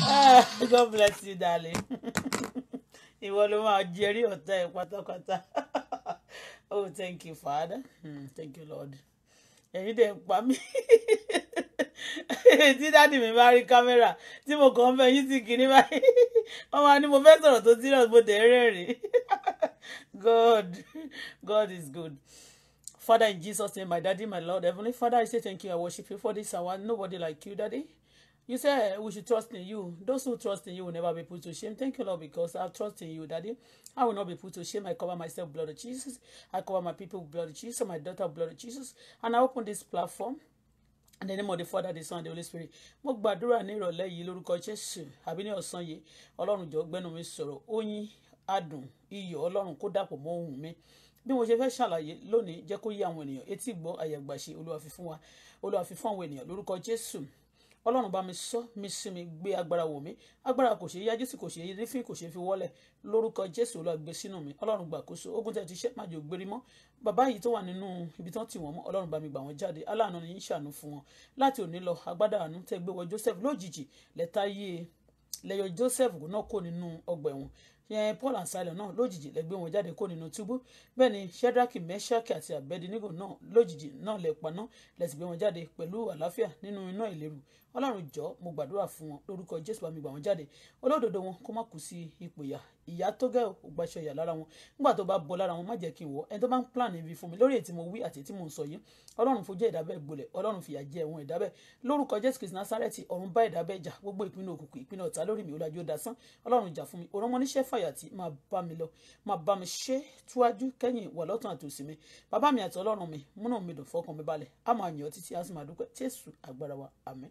Ah, God bless you, darling. Ìwọ ló máa jẹrí ọ̀tá ẹ̀ pátápátá. Oh, thank you, Father. Mm, thank you, Lord. Ẹ̀yin dẹ̀ ń pa mí. Tí dáàdì mi bá rí kámẹ́rà tí mo kàn ń fẹ́ yín sí kìíní báyìí. Wọ́n máa ní mo fẹ́ sọ̀rọ̀ tó serious mo tẹ̀ rẹ́rìn God, God is good. Father, in Jesus' name, my daddy, my Lord, Heavenly Father, I say thank you. I worship you for this hour. Nobody like you, daddy. You say eh, we should trust in you. Those who trust in you will never be put to shame. Thank you, Lord, because I trust in you, Daddy. I will not be put to shame. I cover myself, with blood of Jesus. I cover my people, with blood of Jesus. My daughter, with blood of Jesus. And I open this platform. In the name of the Father, the Son, and the Holy Spirit. Mo gbàdúrà ní ìrọ̀lẹ́ yìí lórúkọ Jésù àbí ní ọ̀sán yìí. Ọlọ́run jọ gbẹ́nu mi sọ̀rọ̀. Oyin, adùn, iyọ̀ Ọlọ́run kó dàpọ̀ mọ́ ohùn mi bí mo ṣe fẹ́ ṣàlàyé lónìí jẹ́ kó yé àwọn ènìyàn etí gbọ́ àyàgbàṣe olúwa fi wa olúwa fi àwọn ènìyàn lórúkọ Jésù ọlọ́run bá mi sọ mi sí mi gbé agbára wò mí agbára kò ṣe é yájú sí kò ṣe é rífín kò ṣe é fi wọ́lẹ̀ lórúkọ jésù olúwa gbé sínú mi ọlọ́run gbàkóso ogun tẹ̀ ti ṣẹ́ májò gbérí mọ́ bàbá yìí tó wà nínú ibi tán tì wọ́n mọ́ ọlọ́run bá mi gbà wọ́n jáde aláàánú ni yín ṣàánú fún wọn láti òní lọ agbádá àánú tẹ́ gbé wọ joseph lójijì lẹ́tà yé lẹ́yọ joseph náà kò nínú ọgbà ẹ̀wọ̀n yẹn Paul and Silas náà lójijì lẹ gbé wọn jáde kó nínú túbú bẹ́ẹ̀ ni Shedraki Meshaki àti Abednego náà lójijì náà lẹ paná lẹ sì gbé wọn jáde pẹ̀lú àlàáfíà nínú iná ìléru Ọlọ́run jọ̀ọ́ mo gbàdúrà fún wọn lórúkọ Jésù bá mi gbà wọn jáde olódodo wọn kó má kú sí ipò ìyà ìyá tó gẹ́ ò gbaṣọ ìyà lára wọn nígbà tó bá bọ́ lára wọn má jẹ́ kí n wọ̀ ẹni tó bá ń plan ibi fún mi lórí ètí mo wí àti ètí mo ń sọ yìí ọlọ́run fojú ẹ̀dábẹ́ gbolẹ̀ ọlọ́run fìyà jẹ ẹ̀wọ̀n ẹ̀dábẹ́ lórúkọ jésù kristu násárẹ́tì ọ̀run bá ẹ̀dábẹ́ jà gbogbo ìpinnu òkùnkùn ìpinnu ọ̀tá lórí mi olájú dasán ọlọ́run jà fún mi òrán mọ́ níṣẹ́ fàyà tí máa bá mi lọ máa bá mi ṣe túwájú kẹ́yìn wà lọ́tún àtòsí mi bàbá mi àti ọlọ́run mi múnà mi dùn fọkàn mi balẹ̀ á máa yàn títí á sì máa dúpẹ́ tẹ́sù agbára wa àmín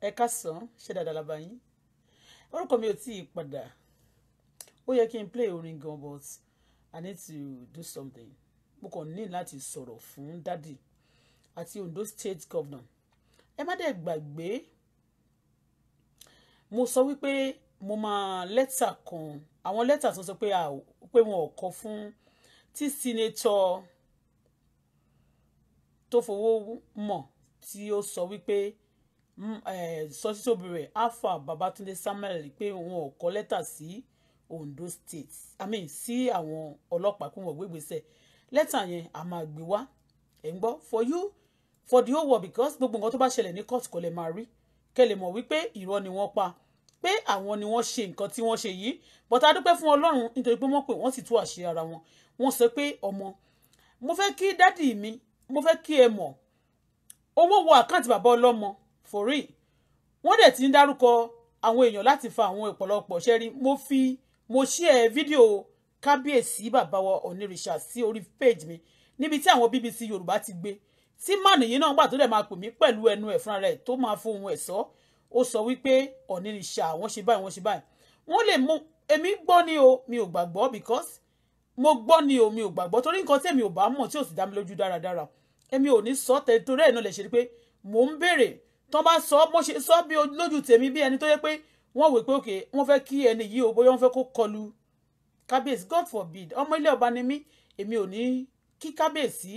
ẹ ká sàn ṣe dáadáa labayín orúkọ mi ò tí ì padà ó yẹ kí n play orin gan but i need to do something mo kàn ní láti sọ̀rọ̀ fún dádì àti Ondo state governor ẹ má dẹ̀ gbàgbé mo sọ wípé mo máa lẹ́tà kan àwọn lẹ́tà tó sọ pé pé wọn ò kọ fún tí senator tó fowó mọ̀ tí ó sọ wípé mm, eh, sọtítòbí rẹ̀ alpha Babatunde Samuel pé wọn ò kọ lẹ́tà sí. Si, Ondo State I mean sí àwọn ọlọ́pàá kó wọ́n gbégbèsè lẹ́tà yẹn a máa gbé wá ẹ̀ ń gbọ́ for you for the whole world because gbogbo nǹkan tó bá ṣẹlẹ̀ ní court kò lè máa rí kẹ́ lè mọ̀ wípé irọ́ ni wọ́n pa pé àwọn ni wọ́n ṣe nǹkan tí wọ́n ṣe yìí but a dúpẹ́ fún Ọlọ́run nítorí pé wọ́n pè wọ́n sì tú àṣírí ara wọn wọ́n sọ pé ọmọ mo fẹ́ kí dádì mi mo fẹ́ kí ẹ mọ̀ owó wọ àkáǹtì bàbá ọlọ́mọ for real wọ́n dẹ̀ ti ń dárúkọ àwọn èèyàn láti fa àwọn ìpọ̀lọpọ̀ ṣẹ́rí mo fi mo share fídíò kábíyèsí bàbá wa onírìṣà sí orí page mi níbi tí àwọn BBC Yorùbá ti gbé tí mànì yìí náà gbà tó dẹ̀ máa pè mí pẹ̀lú ẹnu ẹ̀ fúnra rẹ̀ tó máa fohùn ẹ̀ sọ ó sọ wípé onírìṣà wọ́n ṣe báyìí wọ́n ṣe báyìí wọ́n lè mú èmi gbọ́ ni o mi ò gbàgbọ́ because mo gbọ́ ni o mi ò gbàgbọ́ torí nǹkan tẹ̀mí ò bá mọ̀ tí ò sì dá mi lójú dáradára èmi ò ní sọ tẹ̀lé torí ẹ̀ náà lè ṣe pé mò ń béèrè tán bá sọ mo ṣe sọ bí lójú tèmi bí ẹni tó yẹ pé wọ́n wò pé òkè wọ́n fẹ́ kí ẹni yìí o bóyá wọ́n fẹ́ kó kọlu kábíyèsí god forbid ọmọ ilé ọba ni mí èmi ò ní kí kábíyèsí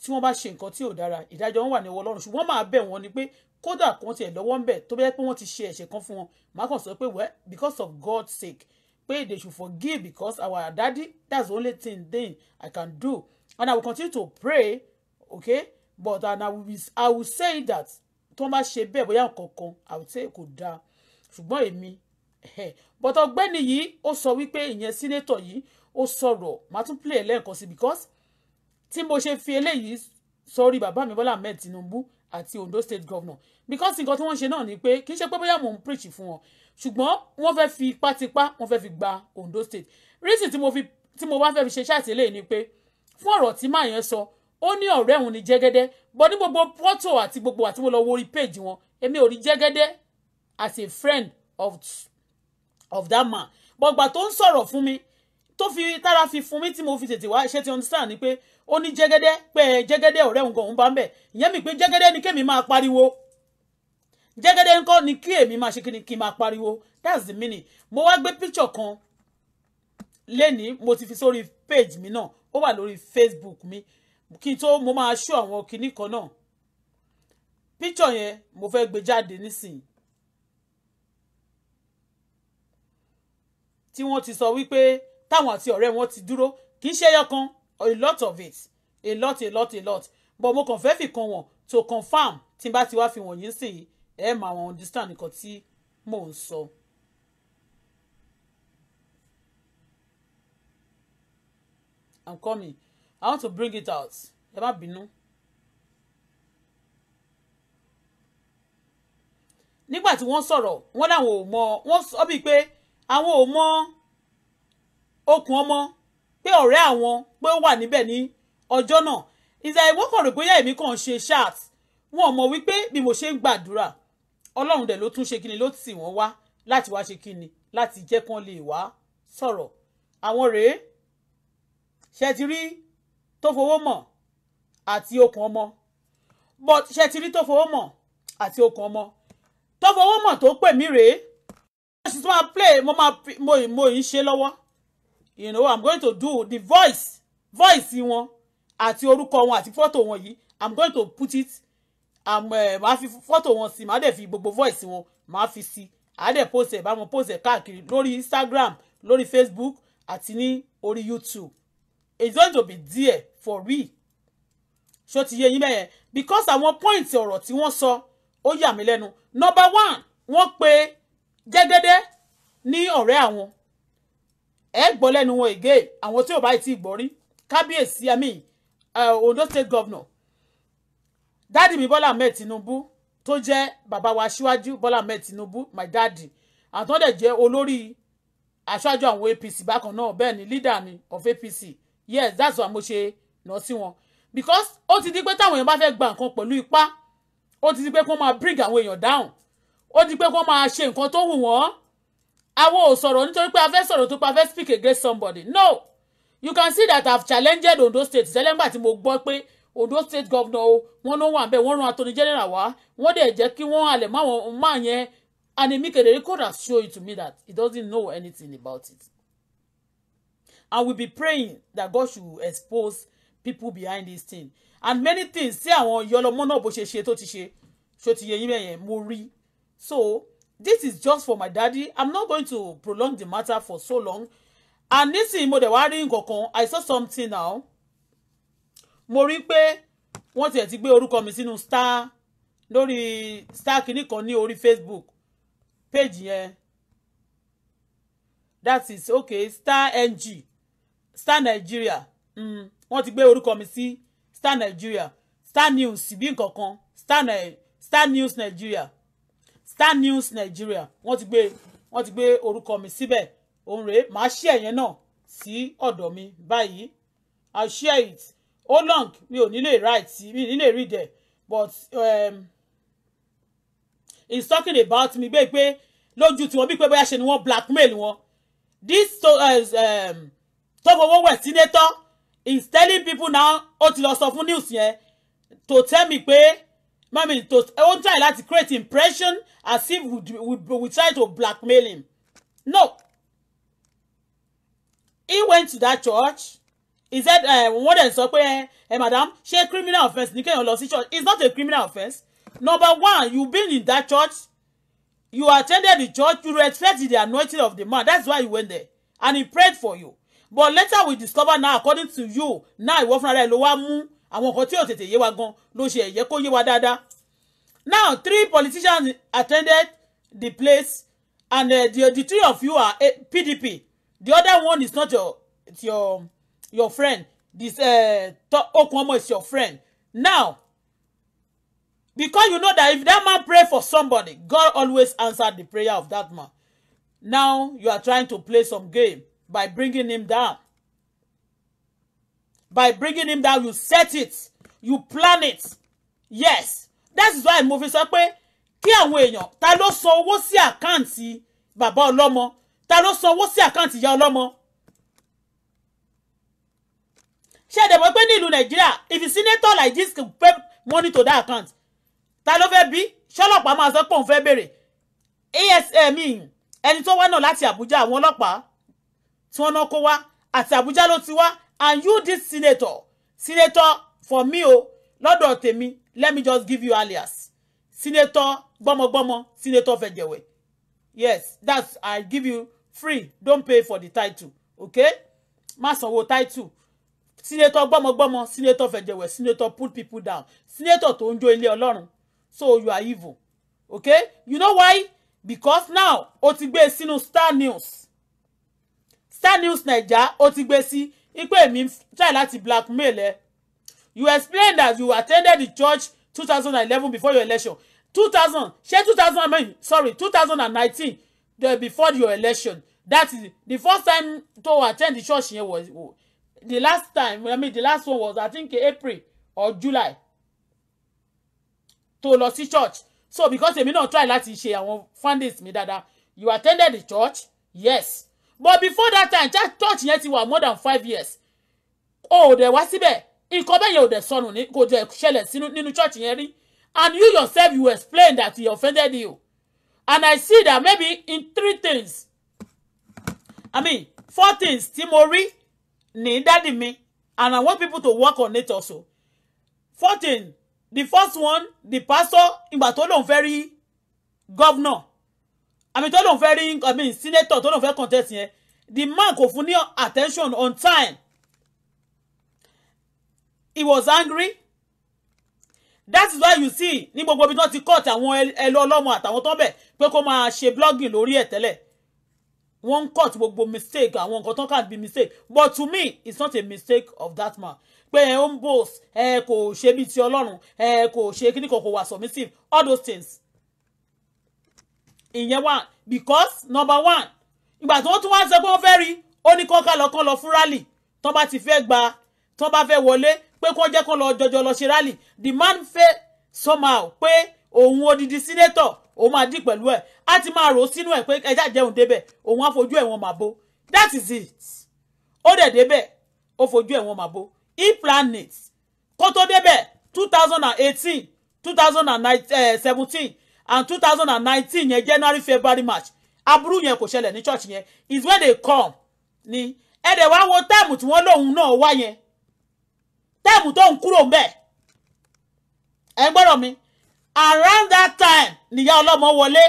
tí wọ́n bá ṣe nǹkan tí ò dára ìdájọ́ wọn wà ní ọwọ́ ọlọ́run ṣùgbọ́n máa bẹ̀ wọ́n ni pé kódà kan tiẹ̀ lọ́wọ́ ń bẹ̀ tó bẹ́ẹ̀ pé wọ́n ti ṣe ẹ̀ṣẹ̀ kan fún wọn màá kàn sọ pé well because of God's sake pé they should forgive because our daddy that's the only thing then I can do and I will continue to pray okay but and I will, I will say that tó bá ṣe bẹ́ẹ̀ bóyá nǹkan kan I will say kò dáa ṣùgbọ́n èmi bọ́tọ̀ ọ̀gbẹ́ni yìí ó sọ wípé ìyẹn sínétọ̀ yìí ó sọ̀rọ̀ màá tún play lẹ́ẹ̀kan sí because tí mo ṣe fi eléyìí sọrí bàbá mi Bọ́lá Ahmed Tinubu àti Ondo state governor because nǹkan tí wọ́n ṣe náà ni pé kì í ṣe pé bóyá mò ń preach fún wọn ṣùgbọ́n wọ́n fẹ́ fi tipátipá wọ́n fẹ́ fi gba Ondo state reason tí mo fi tí mo wá fẹ́ fi ṣe ṣáàtì eléyìí ni pé fún ọ̀rọ̀ tí màá yẹn sọ ó ní ọ̀rẹ́ òun ní jẹ́gẹ́dẹ́ but ní gbogbo photo àti gbogbo àti mo lọ wo orí page wọn èmi ò rí jẹ́gẹ́dẹ́ as a friend of of that man but gbà tó ń sọ̀rọ̀ fún mi tó fi tára fi fún mi tí mo fi tètè wá ṣe ti understand ni pé ó ní jẹ́gẹ́dẹ́ pé jẹ́gẹ́dẹ́ ọ̀rẹ́ òun gan òun bá ń bẹ̀ ìyẹn mi pé jẹ́gẹ́dẹ́ ni kémi máa pariwo jẹ́gẹ́dẹ́ ńkọ́ ni kí èmi máa ṣe kí ni kí n máa pariwo that's the meaning mo wá gbé picture kan lénìí mo ti fi sórí page mi náà ó wà lórí facebook mi kí n tó mo máa show àwọn kinní kan náà picture yẹn mo fẹ́ gbé jáde nísìnyí tí wọ́n ti sọ wípé táwọn àti ọ̀rẹ́ wọn ti dúró kì í ṣe ẹyọ kan a lot of it a lot a lot a lot but mo kàn fẹ́ fi kan wọ̀n to confirm tí n bá ti wá fi wọ̀nyí sí ẹ mà wọn understand nǹkan tí mò ń sọ. I'm coming I want to bring it out ẹ má bínú. nígbà tí wọ́n sọ̀rọ̀ wọ́n láwọn ò mọ wọ́n sọ bíi pé àwọn ò mọ okùn ọmọ pé ọ̀rẹ́ àwọn pé ó wà níbẹ̀ ní ọjọ́ náà ìjà ìwọ́ kan rò bóyá èmi kàn ṣe ṣáàt wọn ò mọ̀ wípé bí mo ṣe ń gbàdúrà ọlọ́run dẹ̀ ló tún ṣe kíni ló tì wọ́n wá láti wá ṣe kíni láti jẹ́ kán lè wá sọ̀rọ̀ àwọn rèé ṣe ti rí tó fowó mọ̀ àti okùn ọmọ but ṣe ti rí tó fowó mọ̀ àti okùn ọmọ tó fowó mọ̀ tó pè mí rèé she's ma play mo ma mo mo yìí ṣe lọ́wọ́ you know i'm going to do the voice voice wọn àti orúkọ wọn àti fọ́tò wọn yìí i'm going to put it am um, ẹ eh, màá fi fọ́tò wọn sí màá dẹ̀ fi gbogbo voice wọn màá fi sí àá dẹ̀ post ẹ̀ bá wọn post ẹ̀ káàkiri lórí instagram lórí facebook àti ní orí youtube it's going to be there for we. ṣó ti yé yín mẹ́yẹn because àwọn point ọ̀rọ̀ tí wọ́n sọ ó yà mí lẹ́nu number one wọ́n pe jẹ́gẹ́dẹ́ ní ọ̀rẹ́ àwọn ẹ gbọ́ lẹ́nu wọn ègé àwọn tí ò bá ti gbọ́ rí kábíyèsí àmì uh, Ondo state governor dádì mi Bọ́lá Ahmed Tinubu tó jẹ́ bàbá wa aṣíwájú Bọ́lá Ahmed Tinubu my daddy àtọ́dẹ̀ jẹ́ olórí aṣáájú àwọn APC bákan náà bẹ́ẹ̀ ni leader ni of APC yes that's why mo ṣe nà sí wọn because ó ti di pé táwọn èèyàn bá fẹ́ gba nǹkan pẹ̀lú ipá ó ti di pé kó máa bring àwọn èèyàn down ó di pé kó máa ṣe nǹkan tó wù wọ́n àwọn ò sọ̀rọ̀ nítorí pé a fẹ́ sọ̀rọ̀ tó pa fẹ́ speak against somebody no you can see that I've challenged Ondo State sẹ́lẹ̀ngbà tí mo gbọ́ pé Ondo State governor o wọ́n ló wà bẹ́ẹ̀ wọ́n ran attorney general wá wọ́n dẹ̀ jẹ́ kí wọ́n halẹ̀ mọ́ àwọn máa yẹn and Emi Kedere could have show it to me that he doesn't know anything about it and we be praying that God should expose people behind this thing and many things tí àwọn ìyọlọmọ náà bó ṣe ṣe tó ti ṣe ṣó ti yẹ yín bẹ́ẹ̀ yẹn mo rí so this is just for my daddy i'm not going to prolong the matter for so long and nísìnyí mo dẹ̀ wá rí nǹkan i saw something now mo rí pé wọ́n tiẹ̀ ti gbé orúkọ mi sínú star lórí star kìíní kan ní orí facebook page yẹn that is okay star ng star nigeria mm. wọ́n ti gbé orúkọ mi sí star nigeria star news bí nǹkan kan star, star news nigeria Star News Nigeria wọ́n ti gbé wọ́n ti gbé orúkọ mi síbẹ̀ òun rèé màá share yẹn náà sí ọ̀dọ̀ mi báyìí I share it ó long mi ò nílè write mi ò nílè read ẹ̀ but um, he's talking about me. bẹ́ẹ̀ pé lójú tiwọn bíi pé bóyá ṣe ni wọ́n blackmail wọn this so, uh, um, tó fowó wẹ̀ sínétọ́ is telling people now ó ti lọ sọ fún news yẹn to tell me pé mami to ó try láti create impression as if we, we, we try to blackmail him no he went to that church he said "Uh, wọ́n dẹ̀ sọ pé eh, eh madam ṣé criminal offence ní kéèyàn lọ sí church it's not a criminal offence number one you been in that church you attended the church you respected the anointing of the man that's why you went there and he prayed for you but later we discover now according to you now ìwọ fúnra rẹ ló wá mú àwọn nǹkan tí ò tètè yé wa gan ló ṣe ẹ̀yẹ kó yé wa dáadáa Now, three politicians attended the place, and uh, the, the three of you are uh, eh, PDP. The other one is not your your your friend. This uh, Okuomo is your friend. Now, because you know that if that man pray for somebody, God always answer the prayer of that man. Now you are trying to play some game by bringing him down. By bringing him down, you set it, you plan it. Yes, that is why mo fi sọ pé kí àwọn èèyàn ta ló san owó sí àkáǹtì bàbá ọlọ́mọ ta ló san owó sí àkáǹtì ìyá ọlọ́mọ. ṣé ẹ̀dẹ̀ mọ̀ pé ní ìlú nàìjíríà if a senator like this can pay money to that account ta ló fẹ́ bí ṣọlọ́pàá máa sọ pé òun fẹ́ béèrè asm eh, ẹni tó wá náà láti àbújá àwọn ọlọ́pàá tí wọ́n náà kó wá àti àbújá ló ti wá and you this senator senator for me o lọ́dọ̀ tèmi let me just give you alias senator gbọmọgbọmọ senator fẹjẹwẹ yes that's i give you free don't pay for the title okay má sanwó title senator gbọmọgbọmọ senator fẹjẹwẹ senator put people down senator tó ń jó ilé Ọlọ́run so you are evil okay you know why because now o ti gbé e sínú star news star news naija o ti gbé e sí ipe mi try láti blackmail ẹ you explained that you attended the church 2011 before your election 2000 ṣé 2000 I mean sorry 2019 the, before your election that is the first time to attend the church here was the last time I mean the last one was I think April or July to lọ church so because èmi not try láti ṣe àwọn fundings mi dada, you attended the church yes but before that time church yẹn ti wà more than five years oh, dẹ̀ wá síbẹ̀ nǹkan bẹ́ẹ̀ yẹn ò dẹ̀ sọnù ní kò dẹ̀ ṣẹlẹ̀ nínú church yẹn rí and you yourself you explain that he offended you and I see that maybe in three things I mean four things tí mo rí ní dáàdì mi and I want people to work on it also Fourteen, the first one the pastor ìgbà tó lòun fẹ́ rí governor àmì tó lòun fẹ́ rí I mean senator tó lòun fẹ́ contest yẹn the man kò fún ní attention on time he was angry that is why you see ní gbogbo ibi tí wọ́n ti cut àwọn ẹlọ ọlọ́mọ àtàwọn tó ń bẹ̀ pé kó máa ṣe blogging lórí ẹ̀ tẹ́lẹ̀ wọ́n ń cut gbogbo mistake àwọn nǹkan tó kàn bí mistake but to me it's not a mistake of that man pé ẹ ń boss ẹ kò ṣe bíi ti ọlọ́run ẹ kò ṣe kíní kan kò wà submissive all those things ìyẹn wà because number one ìgbà tí wọ́n tún wá sọ pé wọ́n fẹ́ rí ó ní kọ́ńkà lọ́kàn lọ fún rally tó bá ti fẹ́ gba tó bá fẹ́ wọlé pé kó jẹ́ kó lọ jọjọ lọ ṣe rally the man fẹ́ somehow pé òun odidi sínétọ̀ òun máa dì pẹ̀lú ẹ̀ á ti máa rò ó sínú ẹ̀ pé ẹja jẹun débẹ̀ òun á fojú ẹ̀wọ̀n màbo that is it ó dẹ̀ débẹ̀ ó fojú ẹ̀wọ̀n màbo he plan it kó tó débẹ̀ two thousand and eighteen two thousand and eh, seventeen and two thousand and nineteen yẹn january february march aburú yẹn kò ṣẹlẹ̀ ní church yẹn is when they come ni ẹ̀dẹ̀ wá wo táìmù tí wọ́n lóun náà wá yẹn táìmù tó ń kúrò ń bẹ̀ ẹ gbọ́dọ̀ mi around that time nìyá ọlọ́mọ wọlé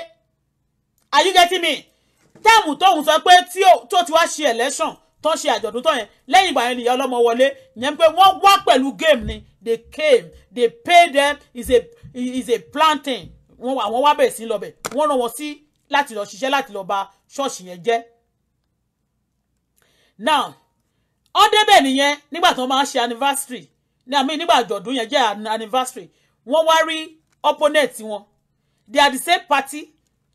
are you getting me táìmù tó ń sọ pé tí ó ti wá ṣe election tó ṣe àjọ̀dún tó yẹn lẹ́yìn ìgbà yẹn nìyá ọlọ́mọ wọlé yẹn pé wọ́n wá pẹ̀lú game ni they came they pay them is a is a planting wọn àwọn wá bẹ̀rẹ̀ sí lọ́bẹ̀ wọ́n rán wọn sí láti lọ ṣiṣẹ́ láti lọ bà ṣọ́ọ̀ṣì yẹn jẹ́ now ó débẹ̀ nìyẹn nígbà tí wọ́n máa ń ṣe anniversary ní àmì nígbà àjọ̀dún yẹn jẹ́ anniversary wọ́n wá rí opponent wọn they are the same party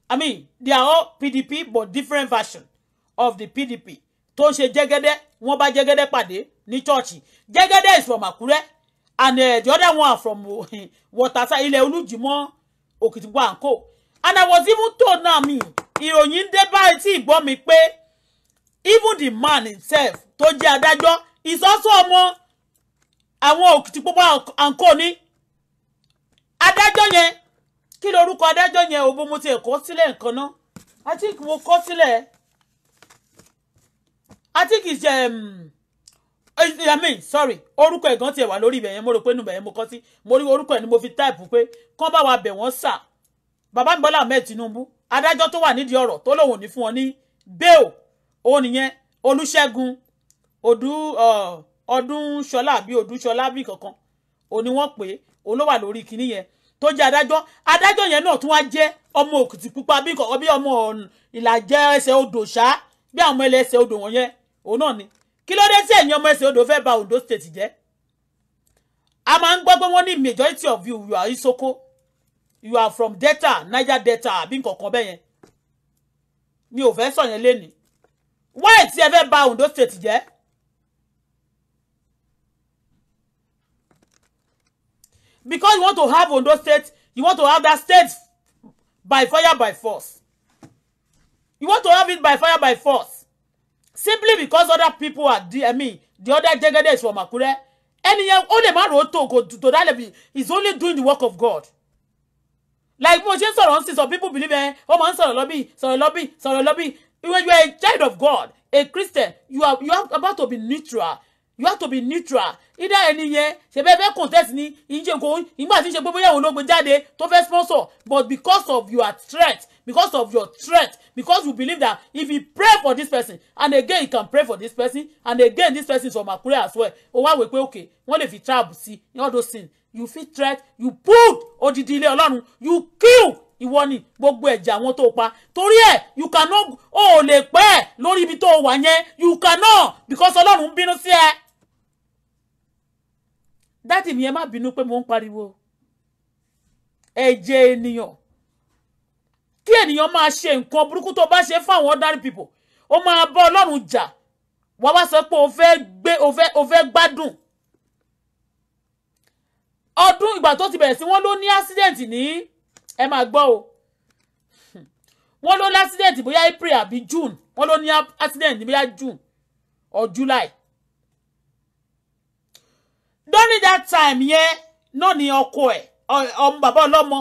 i mean they are all pdp but different version of the pdp tó ń ṣe jẹ́gẹ́dẹ́ wọ́n bá jẹ́gẹ́dẹ́ pàdé ní chọ́ọ̀chì jẹ́gẹ́dẹ́ is from àkúrẹ́ and uh, the other one from waterside ilẹ̀ olújìmọ́ òkìtìpọ̀ àǹkó and i was even told now mi ìròyìn dé báyìí tí ìgbọ́ mi pé even the man himself tó jẹ́ adájọ́ ìsọ́sọ́ ọmọ àwọn òkìtìpọ́pọ́ àǹkó ni adájọ́ yẹn kí lorúkọ adájọ́ yẹn òbó mo ti kọ́ sílẹ̀ nǹkan náà I think mo kọ́ sílẹ̀ I think it's um, I mean sorry orúkọ ẹ̀gán tiẹ̀ wà lórí ibẹ̀ yẹn mo rò pé nùbẹ̀ yẹn mo kọ́ sí mo rí orúkọ ẹ̀ ni mo fi táìpù pé kán bá wa bẹ̀ wọ́n sà bàbá mi Bọ́lá Ahmed Tinubu adájọ́ tó wà nídìí ọ̀rọ̀ tó lòun ò ní fún wọn ní bail òun nìyẹn Olúṣẹ́gun odù ọdún ṣọlá àbí odù ṣọlá bí kankan òní wọ́n pè é òun ló wà lórí kinní yẹn tó jẹ́ adájọ́ adájọ́ yẹn náà tún wá jẹ́ ọmọ òkìtì pupa bí kankan bí ọmọ ìlàjẹ ẹsẹ̀ odò ṣá bí àwọn ẹlẹ́sẹ̀ odò wọn yẹn òun náà ni kí ló dé tí ẹ̀yin ọmọ ẹsẹ̀ odò fẹ́ ba Ondo state jẹ́ a máa ń gbọ́ pé wọ́n ní majority of you you are Isoko you are from Delta Niger Delta àbí nkankan bẹ́ẹ̀ yẹn mi ò fẹ́ sọ yẹn lẹ́nìí why tí ẹ fẹ́ ba Ondo state jẹ́ because you want to have Ondo state you want to have that state by fire by force you want to have it by fire by force simply because other people are the i mean the other jegede from Makure, any ó lè má rò go to that level he is only doing the work of God like mo ṣe ń some people believe eh? Oh man, ń lobby, lọ́bì lobby, lọ́bì lobby. when you are a child of God a Christian you are you are about to be neutral you have to be neutral either ẹni yẹn ṣẹbẹ fẹ́ contest ni ìṣe kò ìgbà tí ń ṣe pé bóyá òun ló gbé jáde tó fẹ́ sponsor but because of your threat because of your threat because you believe that if you pray for this person and again you can pray for this person and again this person is from Akure as well o wá wò pé okay wọ́n lè fi trap see all those things you fit threat you put odidi ilé Ọlọ́run you kill ìwọ ni gbogbo ẹ̀jẹ̀ àwọn tó pa torí ẹ̀ you cannot o ò lè pẹ́ lórí ibi tó wà yẹn you cannot because ọlọ́run ń bínú sí ẹ. dádì mi ẹ má bínú pé mo ń pariwo ẹ̀jẹ̀ ènìyàn kí ènìyàn máa ṣe nǹkan burúkú tó bá ṣe fún àwọn ordinary people ó máa bá ọlọ́run jà wá wá sọ pé o fẹ́ gbádùn ọdún ìgbà tó ti bẹ̀rẹ̀ sí wọ́n ló ní accident ní ẹ máa gbọ́ o wọ́n ló lásìdẹ̀ǹtì bóyá april àbí june wọ́n ló ní accident bóyá june or july during that time yẹn náà ni ọkọ ẹ̀ ọmọ bàbá ọlọ́mọ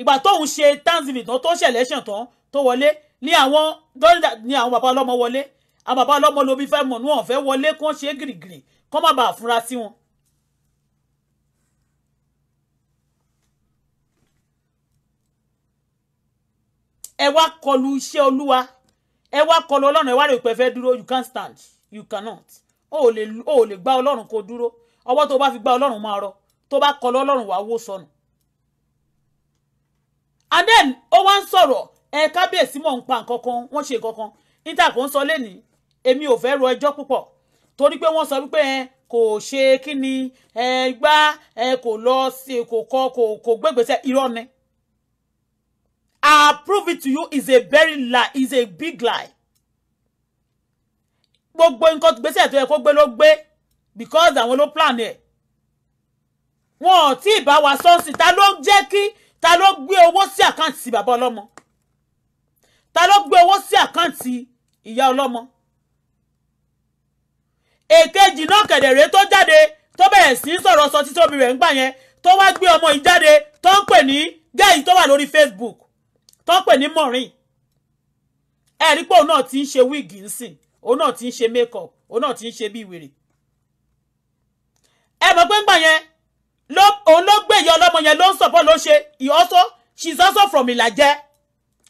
ìgbà tóun ṣe thanksgiving tán tó ṣẹlẹ́ṣẹ̀ tán tó wọlé ní àwọn during that ni àwọn bàbá ọlọ́mọ wọlé àwọn bàbá ọlọ́mọ lóbi fẹ́ mọ̀ níwọ̀n fẹ́ wọlé kán ṣe gìrìgìrì kán má bàa fura sí wọn ẹ wá kọlu iṣẹ́ olúwa ẹ wá kọlu ọlọ́run ẹ wá rò pé fẹ́ dúró you can't stand you cannot o ò lè o ò lè gbá ọlọ́run kó dúró ọwọ́ tó bá fi gbá ọlọ́run máa rọ tó bá kọlu ọlọ́run wàá wó sọnù. and then ó wá ń sọ̀rọ̀ ẹ kábíyèsí mọ̀ ń pa nǹkan kan wọ́n ṣe nǹkan kan níta kò ń sọ lẹ́nìí èmi ò fẹ́ ro ẹjọ́ púpọ̀ torí pé wọ́n sọ wípé kò ṣe kí ni ẹ gbá ẹ kò lọ sí kò kọ kò kò gbégbèsè irọ́ I'll prove it to you is a very lie is a big lie. Gbogbo nǹkan gbèsè tó yẹ kó gbé ló gbé because àwọn ló plan ẹ̀. Wọn ò tí ì bá wa sọ́ọ̀sì ta ló jẹ́ kí ta ló gbé owó sí àkáǹtì bàbá ọlọ́mọ. Ta ló gbé owó sí àkáǹtì ìyá ọlọ́mọ. Èkejì náà kẹ̀dẹ̀rẹ́ tó jáde tó bẹ̀rẹ̀ sí sọ̀rọ̀ sọ títí obìnrin rẹ̀ ń gbà yẹn tó wá gbé ọmọ yìí tó ń pè ní gẹ́yì tó wà lórí Facebook tó pè ní mọ̀rin ẹ rí pé òun náà ti ń ṣe wíìgì ń òun náà ti ń ṣe makeup òun náà ti ń ṣe bí wèrè ẹ mọ̀ pé ńgbà yẹn òun ló gbé ìyá ọlọ́mọ yẹn ló ń sọ̀pọ̀ ló ṣe he also she is also from Ìlàjẹ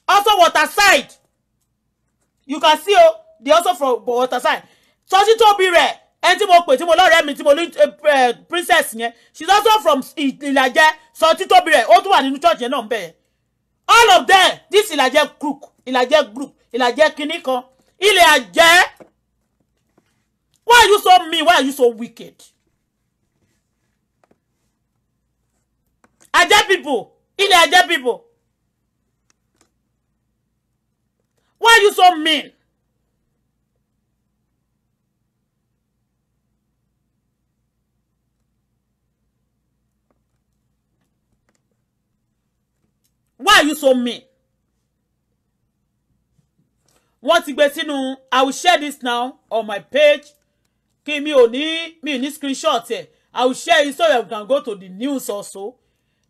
also water side. you can see o oh, they also from Waterside tọ́sí tóbi rẹ̀ ẹni tí mo pè tí mo lọ́rẹ̀ẹ́ mi tí mo ní eh, eh, princess yẹn she is also from Ìlàjẹ sọ títóbi rẹ̀ ó tún wà nínú church yẹn náà ń bẹ̀rẹ̀ all of them this ìlàjẹ group ìlàjẹ group ìlàjẹ kinní kan ilẹ̀ àjẹ́ why you so mean why you so wicked àjẹ́ people ilẹ̀ àjẹ́ people why you so mean. why are you so mean? wọ́n ti gbé sínú i will share this now on my page kí mi ò ní mi ní screenshot ẹ̀ i will share it so you can go to the news also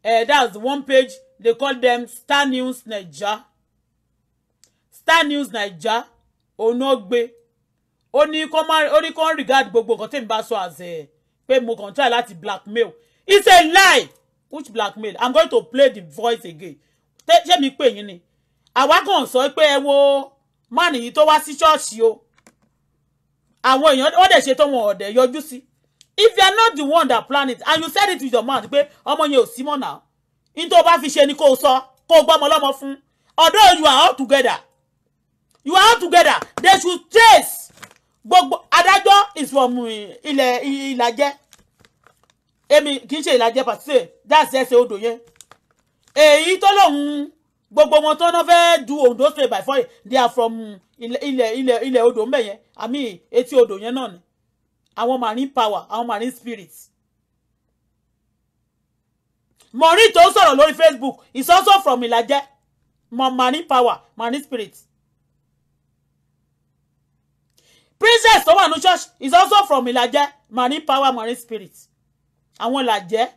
uh, that's one page they call them star news naija star news naija onogbe ó ní kó má ó ní kó regard gbogbo nǹkan tèmi bá sọ as ẹ pé mo kàn try láti blackmail it's a lie which blackmail i'm going to play the voice again tẹ́jẹ́ mi pè yín ni àwa kàn sọ pé ẹ wo mánì yìí tó wá sí ṣọ́ọ̀ṣì o àwọn èèyàn wọ́n dẹ̀ ṣe tó wọn ọ̀dẹ̀ yọjú sí if you are not the one that plan it and you said it with your mouth pé ọmọ yẹn ò sí mọ́ now? ní tó o bá fi ṣe ni kó o sọ kó o gbọ́ ọmọ ọlọ́mọ although you are all together you are all together they should chase. gbogbo adájọ́ is from ilẹ̀ ìlàjẹ́ èmi kì í ṣe ìlàjẹ́ pàṣẹ that's ẹsẹ̀ odò yẹn èyí tó lòun gbogbo wọn tó náà fẹ́ẹ́ du Ondo state by four they are from ilẹ̀ ilẹ̀ ilẹ̀ odò ńbẹ̀ yẹn I mean etí odò yẹn náà ni àwọn marine power àwọn marine spirit. Maureen tó sọ̀rọ̀ lórí Facebook is also from Ìlàjẹ marine power marine spirit. Princess tó wà ní church is also from Ìlàjẹ marine power marine spirit àwọn Ìlàjẹ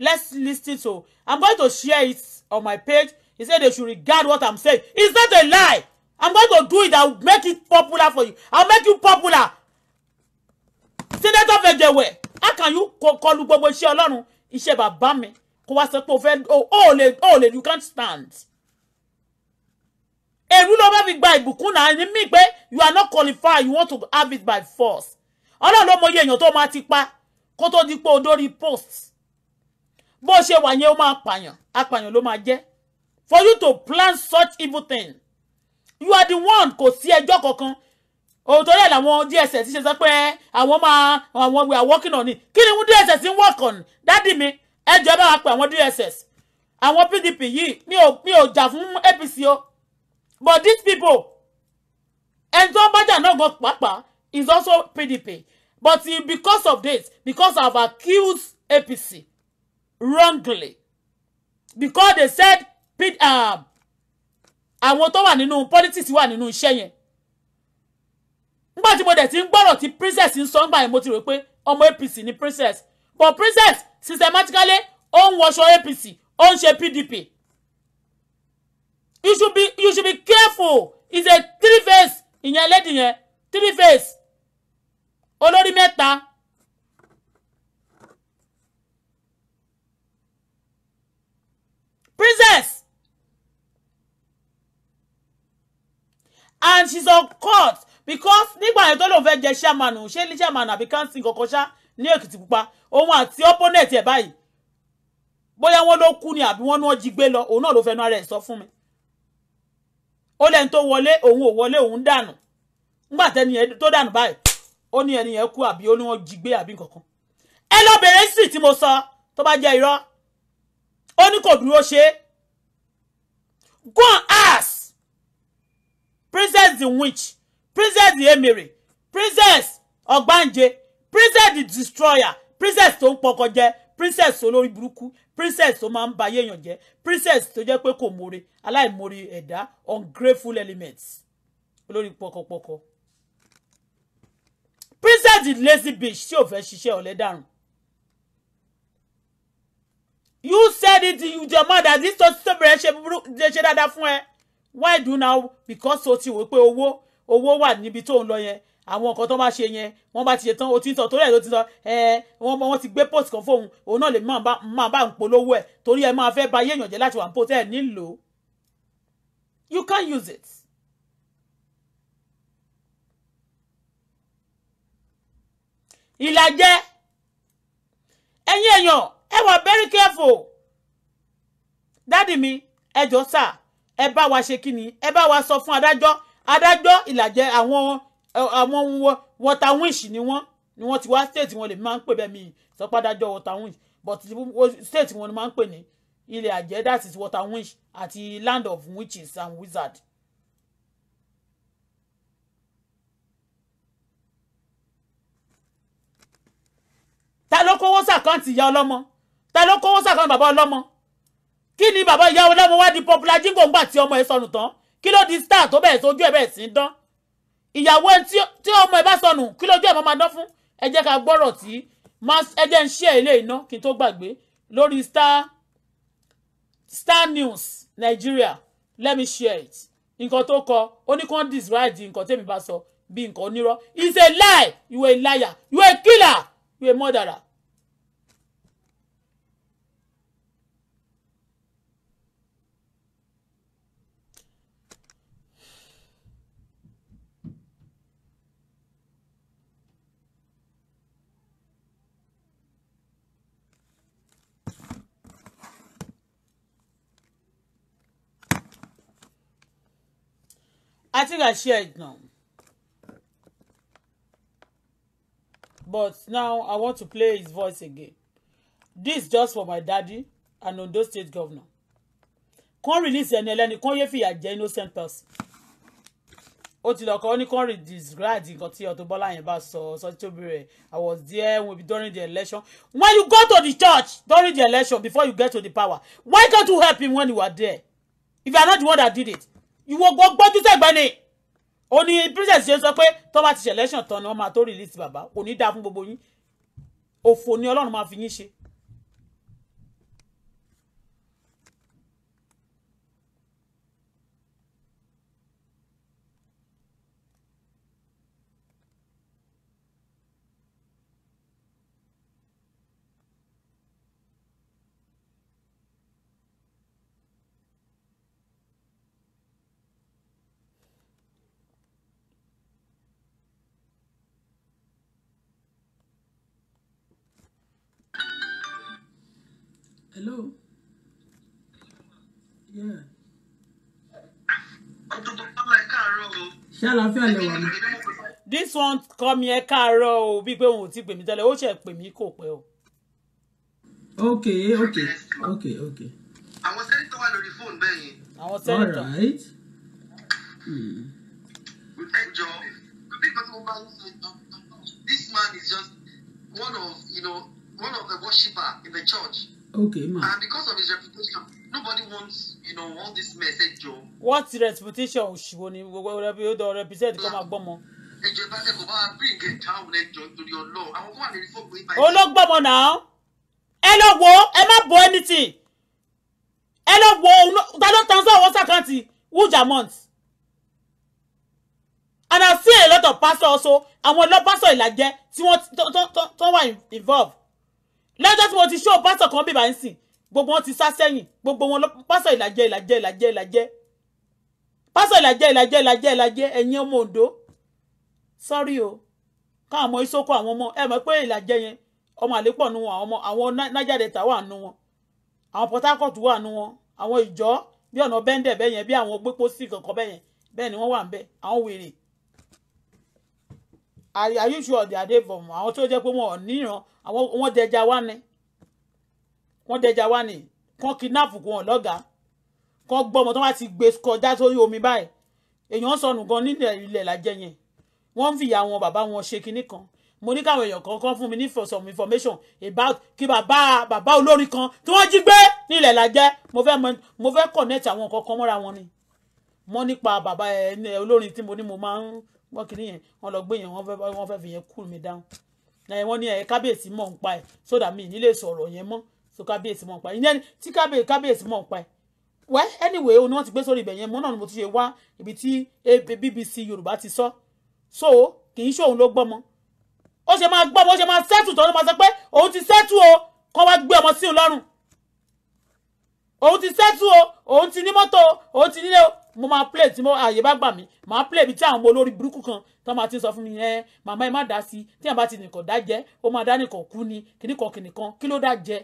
let's listen to i'm going to share it on my page he said they should regard what i'm saying Is that a lie i'm going to do it i'll make it popular for you i'll make you popular senator fẹjẹwẹ how can you kọlu gbogbo iṣẹ́ Ọlọ́run iṣẹ́ bàbá mi kó wá sọ pé o fẹ́ o lè o lè you can't stand èrú ló bá fi gba ìbùkún náà ẹni mí pé you are not qualified you want to have it by force Ọlọ́run ló mọ iye èèyàn tó máa ti pa kó tó di pé o dórí post bó ṣe wà yẹn ó máa pààyàn apààyàn ló máa jẹ́ for you to plan such evil thing you are the one kò sí ẹjọ́ kankan òtòrí ẹ̀ làwọn DSS ṣe sọ pé àwọn máa àwọn we are working on it kí ni DSS ń work on dádì mi ẹjọ́ bá wa pè àwọn DSS àwọn PDP yìí mi ò mi ò jà fún APC o but these people ẹni tó ń bá jà náà gan pàápàá is also PDP but because of this because I accused APC wrongly because they said um, àwọn tó wà nínú politics wà nínú iṣẹ́ yẹn nígbà tí mo dẹ̀ ti ń gbọ́rọ̀ tí princess ń sọ nígbà yẹn mo ti rò pé ọmọ APC ni princess but princess systematically ó ń wọṣọ APC ó ń ṣe PDP you should be you should be careful it's a three face ìyẹn lady yẹn three face olórí mẹ́ta princess and she's on court because nígbà yẹn tó lóun fẹ́ jẹ chairman o ṣé chairman àbí council kankan ṣá ní Èkìtìpupa òun àti opponent ẹ̀ báyìí bóyá wọ́n ló kú ni àbí wọ́n ní wọ́n jí gbé lọ òun náà ló fẹnu ara ẹ̀ sọ fún mi ó lẹ́ni tó wọlé òun ò wọlé òun dànù ńgbà tẹ́ni yẹn tó dànù báyìí ó ní ẹni yẹn kú àbí ó ní wọ́n jí gbé àbí nǹkankan ẹ lọ bẹ̀rẹ̀ sí tí mo sọ tó bá jẹ́ irọ́ ó ní kò dúró ṣe go and ask princess the witch princess the emere princess ọgbanje princess the destroyer princess tó ń pọkọ jẹ princess olórí burúkú princess tó máa ń ba yéèyàn jẹ princess tó jẹ pé kò more aláìmoore ẹ̀dá ungrateful elements olórí pọkọpọkọ princess the lazy bitch tí ò fẹ́ ṣiṣẹ́ ọ̀lẹ́dàrún you said it with your mother. that this tó bẹ̀rẹ̀ ṣe burú ṣe dáadáa fún ẹ why do now because o ti wò pé owó owó wà níbi tó ń lọ yẹn àwọn nǹkan tó bá ṣe yẹn wọ́n bá ti ṣe tán o ti ń sọ torí ẹ̀ ló ti sọ ẹ wọ́n wọ́n ti gbé post kan fóun òun náà lè máa bá ń polówó ẹ̀ torí ẹ máa fẹ́ ba ayé èèyàn jẹ́ láti wà ń post ẹ̀ you can use it. ìlàjẹ ẹ̀yin èèyàn ẹ wà very careful dáàdì mi ẹ jọ sà ẹ bá wa ṣe kí ni ẹ bá wa sọ fún adájọ́ adájọ́ ìlàjẹ àwọn àwọn water winch ni wọ́n ni wọ́n ti wá state wọn lè máa ń pè bẹ́ẹ̀ mi sọ pé adájọ́ water wish, but state wọn ni máa ń pè ní ilẹ̀ àjẹ́ that is water winch àti land of witches and wizards. ta ló kówó sàkáǹtì ìyá ọlọ́mọ ta ló kówó sàkánù bàbá ọlọ́mọ kí ni bàbá ìyá ọlọ́mọ wá di popular jingo ńgbà tí ọmọ ẹ sọnù tán kí ló di star tó bẹ̀rẹ̀ sójú ẹ̀ bẹ̀rẹ̀ sí ń dán ìyàwó ẹ tí ọmọ ẹ bá sọnù kí lójú ẹ̀ máa dán fún ẹ jẹ́ ká gbọ́rọ̀ tí ẹ jẹ́ ń ṣe ilé iná kí n tó gbàgbé lórí star star news Nigeria let me share it nǹkan tó kọ oníkan disride nǹkan tẹ́mi bá so. bí nǹkan onírọ́ He's a lie you a liar you a killer you a murderer I think I shared now. But now I want to play his voice again. This just for my daddy and Ondo State Governor. Kàn release ẹni ẹlẹ́ni kàn you feel a innocent person. Ó ti lọ́kọ̀ ó ní kàn disregard nǹkan tí Auto Bola yẹn bá sọ sọ́tòbí rẹ̀. I was there when, we during the election. When you go to the church during the election before you get to the power, why can't you help him when you were there? If you are not the one that did it ìwọ gbọ́jú sẹ́gbẹ́ ni ó ní princess ṣe sọ pé tó bá ti ṣẹlẹ́ṣàn tán ni wọ́n máa tó release bàbá kò ní dáa fún gbogbo yín òfò ni ọlọ́run máa fi yín ṣe ṣé àlàáfíà lè wà ní. this one kọ́ mi ẹ káàárọ̀ o bíi pé òun ò ti pè mí tẹ́lẹ̀ ó ṣe pè mí kò pẹ́ o. ok ok ok ok. àwọn sẹ́ńtọ̀ wà lórí fóònù bẹ́ẹ̀ yẹn. àwọn sẹ́ńtọ̀. all right. Hmm. ẹ jọ bí nǹkan tí bá ń sọ this man is just one of you know one of the worshippers in the church. okay ma. and because of his reputation nobody wants you know all this message o. what reputation òṣìwò ni gbogbo represent kọ́ máa gbọ́mọ. ẹjọ bá kò bá bring it down ẹjọ nítorí Ọlọ́run àwọn kan wà lórí fóònù ìbá ẹ. olóògbọmọ náà ẹ lọ wo ẹ má bọ anything ẹ lọ wo ta ló tan sọ wọn sàkántì wujamont and i see a lot of pastors also àwọn ọlọ́ pastor ìlàjẹ tí wọ́n tó wà involved lọ́jọ́ tí mo ti show pastor kan bíbá ń sìn gbogbo wọn ti sá sẹ́yìn gbogbo wọn pásọ̀ ìlàjẹ ìlàjẹ ìlàjẹ ìlàjẹ pásọ̀ ìlàjẹ ìlàjẹ ìlàjẹ ìlàjẹ ẹ̀yin ọmọ Ondo sọ́rí o káwọn ọmọ Isoko àwọn ọmọ ẹ mọ̀ pé ìlàjẹ yẹn ọmọ àlépọ̀ nu wọn àwọn àwọn Niger Delta wà nu wọn àwọn Port Harcourt wà nu wọn àwọn ìjọ bí ọ̀nà bẹ́ńdẹ̀ bẹ́ẹ̀ yẹn bí àwọn gbépo sí kankan bẹ́ẹ̀ yẹn bẹ́ẹ̀ ni wọ́n wà ń bẹ́ẹ̀ àwọn wèrè àyíṣu ọ̀dẹ̀ àdébọ̀mọ̀ àwọn tó jẹ́ pé wọn ò níran àwọn wọn jẹja wá ni wọ́n jẹjà wá ní kán kidnap kó hàn lọ́gàá kán gbọ́ ọmọ tó wá ti gbé kọjá sórí omi báyìí èèyàn sọnù gan nílẹ̀ ilẹ̀ làjẹ yẹn wọ́n ń fìyà wọn bàbá wọn ṣe kinní kan mo ní káwọn èèyàn kankan fún mi ní for some information about kí bàbá bàbá olórí kan tí wọ́n jí gbé nílẹ̀ làjẹ mo fẹ́ mo fẹ́ connect àwọn nǹkan kan mọ́ra wọn ni mọ́ nípa bàbá ẹ olórin tí mo ní mo máa ń wọ́n kiri yẹn wọ́n lọ gbé yẹn wọ́n fẹ́ fi yẹn cool mi down ẹ wọ́n ní ẹ kábíyèsí mọ̀ ń pa ẹ̀ sódà mi nílé sọ̀rọ̀ yẹn mọ́ so kábíyèsí mọ̀ pa ìyẹn tí kábíyèsí mọ̀ pa ẹ̀ wẹ́ anyway òun ni wọ́n ti gbé sórí ibẹ̀ yẹn mọ́ náà ni mo ti ṣe wá ibi tí BBC Yorùbá ti sọ so kì í ṣe òun ló gbọ́mọ ó ṣe máa gbọ́mọ ó ṣe máa sẹ́tù tó ló máa sọ pé òun ti sẹ́tù o kán wá gbé ọmọ sí òun lọ́rùn òun ti sẹ́tù o òun ti ní mọ́tò òun ti nílé mo máa play tí mo àyè bá gbà mí máa play ibi tí àwọn ọmọ olórí burúkú kan tó máa ti sọ fún mi ẹ màmá ẹ má dá sí tí ẹ bá ti nìkan dá jẹ ó máa dá nìkan kú ni kìnnìkan kìnnìkan kí ló dá jẹ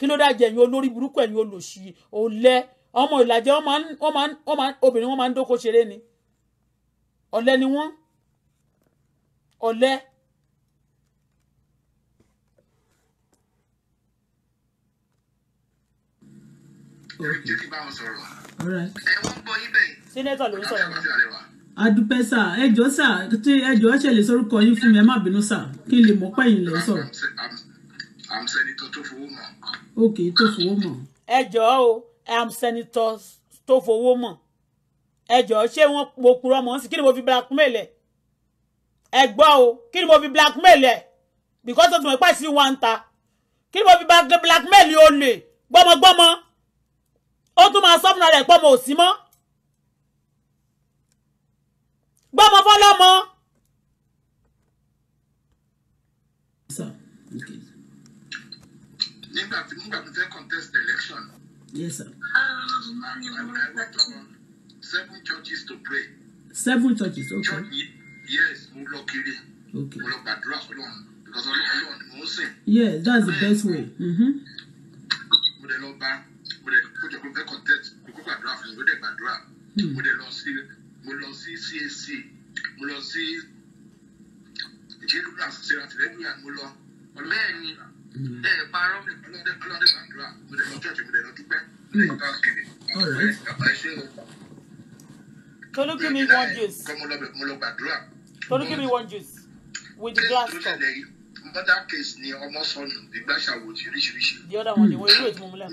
kí ló dájẹ́ ẹ̀yin olórí burúkú ẹ̀yin olòṣì olẹ́ ọmọ ìlàjẹ obìnrin wọn máa ń dóko ṣeré ni ọ̀lẹ ni wọ́n ọ̀lẹ. sínétọ̀ ló ń sọ̀rọ̀ náà. adúpẹ́ sà ẹjọ́ sà ẹjọ́ ṣẹlẹ̀ sórúkọ yín fún mi ẹ má bínú sà kí n lè mọ̀ pẹ́yìn lẹ́ sọ̀rọ̀. I'm senator tó fowó mọ̀. ok tó fowó mọ̀. ẹ jọ̀ọ́ o I'm senator tó fowó mọ̀ ẹ jọ̀ọ́ ṣé wọ́n mo purọ́ mọ́ sí kí ni mo fi blackmail ẹ̀ ẹ gbọ́ o kí ni mo fi blackmail ẹ̀ because of my pàṣẹ wa ń ta kí ni mo fi blackmail o lè gbọ́mọgbọ́mọ ó tún máa sọ fúnra rẹ̀ pọ́ mo ò mọ́ gbọ́mọ nígbà tí nígbà tí fẹ́ contest yes sir. I, I got seven churches to pray. seven churches okay. church yes Mulokiri. okay mo lọ because Ọlọ́run ni mo yes that's the best way. Mm-hmm. mo dẹ̀ lọ bá mo dẹ̀ kójọ pé fẹ́ contest kókó gbàdúrà fún mi ló dẹ̀ gbàdúrà hmm. mo dẹ̀ lọ CAC mo lọ sí jérúdà sèrè Mm. Eh, ẹ ẹ give me eh, one eh, juice. Kọ́ mo give me one juice with the glass cup. Mother case ni ọmọ sọnù ìgbà ṣàwò ti oríṣiríṣi. The other one ni wọ́n ewé ìtumọ̀ múlẹ̀.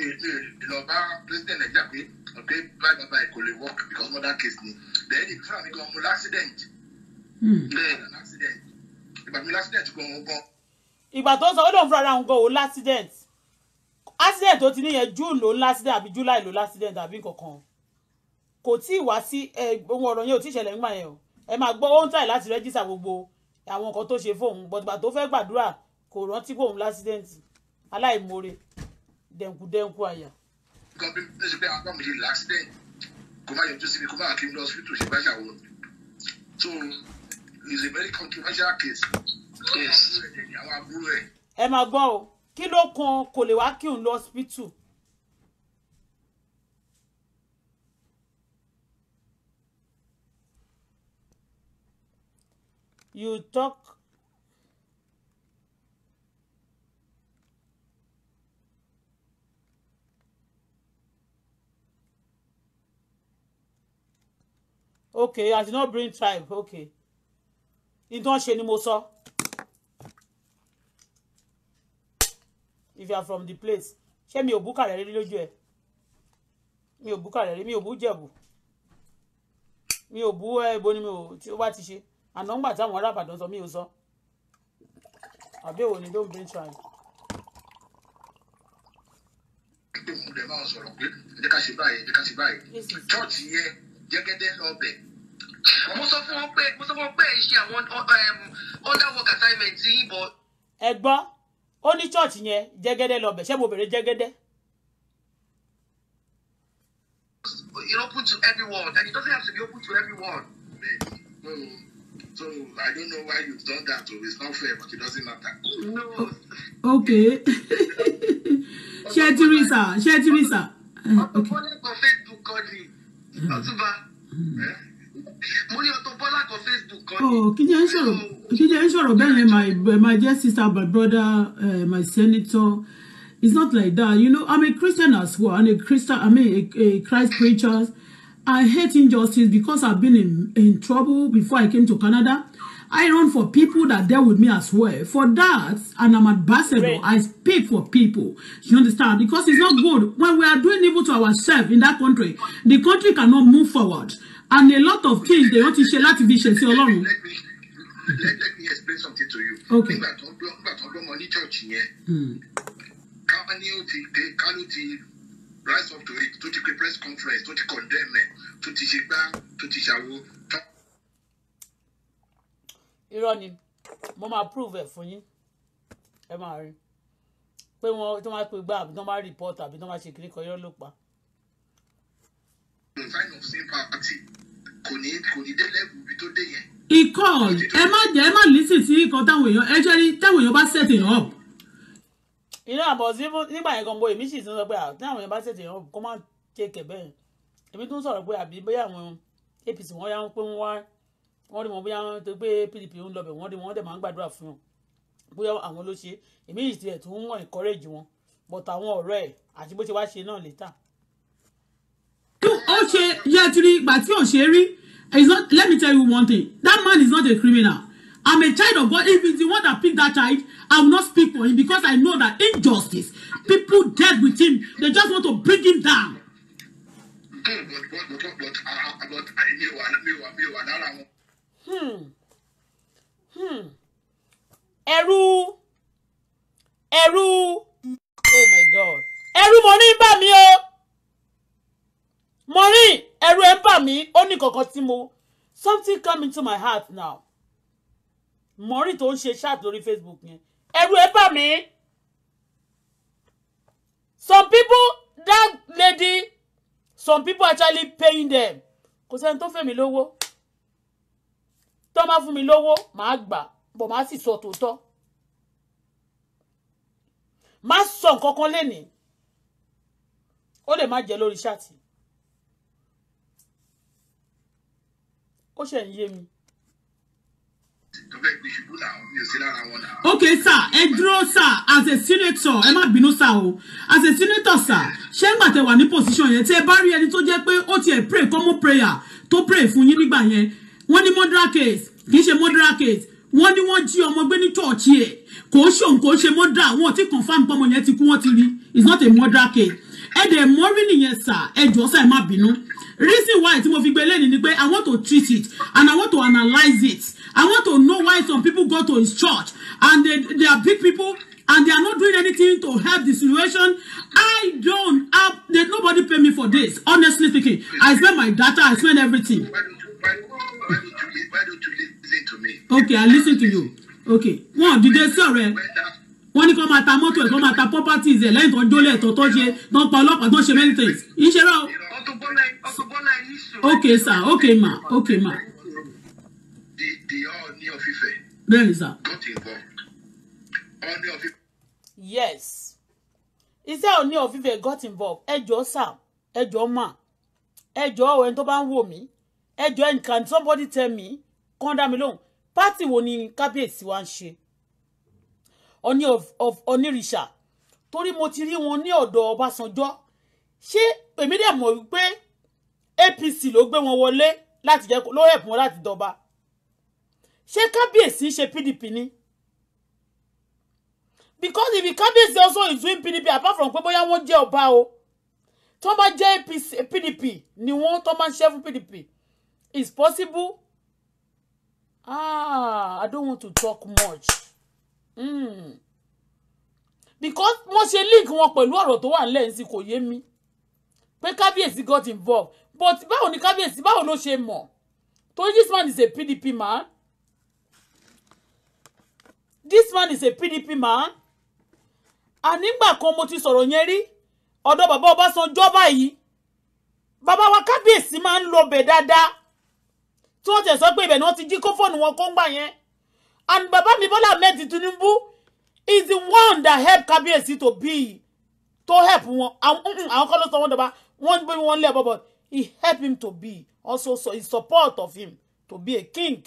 Lọ bá president Nàìjíríà pé ọ̀gbẹ́ báyìí báyìí kò lè work because mother case ni. Then the family gan mo l'accident. Hmm. Bẹ́ẹ̀ ni accident. Ìgbà mi l'accident gan mo gan ìgbà tó sọ ó lòun fúnra òun gan òun l'accident accident tó ti níyẹn june ló ń l'accident àbí july ló l'accident àbí kankan kò tí ì wá sí ohun ọ̀rọ̀ yẹn ò tí ì ṣẹlẹ̀ nígbà yẹn o ẹ máa gbọ́ ó ń tàyè láti rẹ́jísà gbogbo àwọn nǹkan tó ṣe fóun bọ̀dùgbà tó fẹ́ gbàdúrà kò rántí fóun l'accident aláìmoore dẹ̀nkúdẹ̀nkú àyà. nǹkan bí ó ṣe pé àwọn àmì ìlà ṣe bá ṣàwọn so it's a very controversial case ẹ máa gbọ́ o kí ló kan kò lè wá kí òun lọ hospital. you talk okay i did not bring tribe okay ìtàn ṣe ni mo sọ. So. if you are from the place ṣé mi ò bú kàrẹ́ rí lójú ẹ mi ò bú kàrẹ́ rí mi ò bú jẹ̀bù mi ò bú ẹ̀bọ eh, ni mi ò tí ó bá ti ṣe àná ń gbà táwọn ará àbàdàn mi ò sọ àbí èwo ni don't bring try. ìdòkun rẹ̀ máa sọ̀rọ̀ pé jẹ́ ká ṣe báyìí jẹ́ ká ṣe báyìí chọ́ọ̀tì yẹn jẹ́gẹ́dẹ́ lọ́ọ̀bẹ̀ mo sọ fún wọn pé mo um, assignment yìí bọ̀ ó ní chọ́ọ̀chì yẹn jẹ́gẹ́dẹ́ lọ bẹ̀ ṣé mo bèrè jẹ́gẹ́dẹ́. It open to everyone and it doesn't have to be open to everyone. No, so I don't know why you've done that. Though. It's not fair, but it doesn't matter. No. Okay. Ṣé ẹ ti rí sà? Ṣé ẹ ti rí sà? Facebook kọ́ ni. Ọ̀túnba mo ní Auto Bola kan Facebook kan. Oh, kí jẹ́ ń sọ̀rọ̀ bẹ́ẹ̀ yẹn my my dear sister my brother uh, my senator it's not like that you know i'm a christian as well and a christian i mean a, a christ preacher i hate injustice because i've been in in trouble before i came to canada I run for people that dealt with me as well. For that, and I'm ambassador, right. I speak for people. You understand? Because it's not good. When we are doing evil to ourselves in that country, the country cannot move forward. And a lot of things they want to ṣe láti fi Let, me explain something to you. Okay. Nígbà hmm. rise up to it tó ti press conference tó ti condemn ẹ̀ tó ti ṣe gbá tó irọ́ ni mo máa prove ẹ̀ fún yín ẹ máa rí pé wọn tó máa pe gbá àbí tó máa report àbí tó máa ṣe kiri kan irọ́ ló pa. ikọ̀ ẹ má jẹ́ ẹ má lísì sí ikọ̀ táwọn èèyàn ẹ jẹ́ rí táwọn èèyàn bá set it up. iná àbọ̀ sí nígbà yẹn gan-an èmi sì ti sọ pé ah, táwọn èèyàn bá set it up kó má ṣe kẹ̀ bẹ́ẹ̀ èmi tún sọ̀rọ̀ pé àbí bóyá àwọn APC wọn yá wọn pé wá wọ́n rí wọn bóyá wọ́n tó pé pdp ń lọ bẹ̀ wọ́n rí wọn dẹ̀ máa ń gbàdúrà fún wọn bóyá àwọn ló ṣe èmi yìí tiẹ̀ tún wọ́n encourage wọn but àwọn ọ̀rẹ́ ẹ̀ àti bó ṣe wá ṣe náà létà. ó ṣe yẹ ìgbà tí ò ṣe rí let me tell you one thing that man is not a criminal i'm a child of God if he's the one that pick that child i will not speak for him because i know that injustice people dead with him they just want to bring him down. bẹ́ẹ̀ bọ̀ bọ̀ bọ̀ bọ̀ àìní wà ní wà ní wà lára wọn. Hmm. Hmm. ẹ̀rù ẹ̀rù oh my god ẹ̀rù mo ní bà mí o mo ní ẹ̀rù ẹ̀ bà mí ó ní kankan tí mo something come into my heart now mo rí tó ń ṣe chat lórí facebook yẹn ẹ̀rù ẹ̀ bà mí some people that lady some people actually paying them kò sẹ́ni tó fẹ́ mi lówó tó bá fún mi lówó màá gbà bọ̀ màá sì sọ tòótọ́ má sọ nǹkan kan lénìí ó lè má jẹ lórí ṣáàtì ó ṣe ń yé mi. Okay sir ẹ dúró sir as a senator I'm not bínú sir as a senator sir ṣé ńgbà tẹ́ wà ní position yẹn tẹ́ bá rí ẹni tó jẹ́ pé ó tiẹ̀ pray common prayer To pray fún yín nígbà yẹn wọ́n ní murder case kì í ṣe murder case wọ́n ní wọ́n jí ọmọ gbé ní chọ́ọ̀chì ẹ̀ kò ó ṣòun kò ó ṣe mọ́dà wọn ti confam pọ́mọ yẹn ti kú wọ́n ti rí it's not a murder case ẹ dẹ̀ mọ́rí nìyẹn sà ẹ jọ̀ọ́ sà ẹ má bínú reason why tí mo fi gbé lẹ́nu ni pé I want to treat it and I want to analyse it I want to know why some people go to his church and they, they are big people and they are not doing anything to help the situation. I don't have, nobody pay me for this. Honestly speaking, I spend my data, I spend everything okay i listen to you okay wọn dìde sí ọ̀rẹ́ wọn ní kí wọn máa ta mọ́tò ẹ kí wọn máa ta properties ẹ lẹ́yìn tó ń jólẹ ẹtọ tó ṣe tó ń pa ọlọ́pàá tó ń ṣe many things ìṣe rẹ o. okay sir okay ma okay ma. bẹ́ẹ̀ni sir. yes iṣẹ́ Ooni of Ife got involved ẹjọ́ sir ẹjọ́ ma. ẹjọ́ ẹni tó bá ń wò mí ẹ jọ can somebody tell me kàn dá mi lóhùn pátì wo ni kábíyèsí wa ń ṣe ọní onírìṣà torí mo ti rí wọn ní ọ̀dọ̀ Ọbásanjọ́ ṣé èmi dẹ̀ mọ̀ wípé APC ló gbé wọn wọlé láti jẹ́ ló ẹ̀bùn wọn láti dọba ṣé kábíyèsí ń ṣe PDP ni because if kábíyèsí also is doing PDP apart from pé bóyá wọ́n jẹ́ ọba o tó bá jẹ́ APC PDP ni wọ́n tó máa ń ṣe fún PDP Is possible. Ah, I don't want to talk much. Mm. Because mo ṣe link wọn pẹ̀lú ọ̀rọ̀ tó wà nílẹ̀ nsí kò yé mi pé kábíyèsí got involved but báwo ni kábíyèsí báwo ló ṣe mọ̀ torí this man is a PDP man this man is a PDP man ànígbà kan mo ti sọ̀rọ̀ yẹn rí ọ̀dọ̀ bàbá Ọbásanjọ́ báyìí bàbá wa kábíyèsí máa ń lọ bẹ̀ dáadáa tí wọ́n tẹ̀ sọ pé ibẹ̀ ni wọ́n ti jí kó fóònù wọn kó ń gbà yẹn and baba mi Bola Ahmed Tinubu is the one that help Kábíyèsí to be to help wọn àwọn kan mm, mm, ló sọ wọn dọba wọn gbé wọn lẹ bọbọ he help him to be also so he support of him to be a king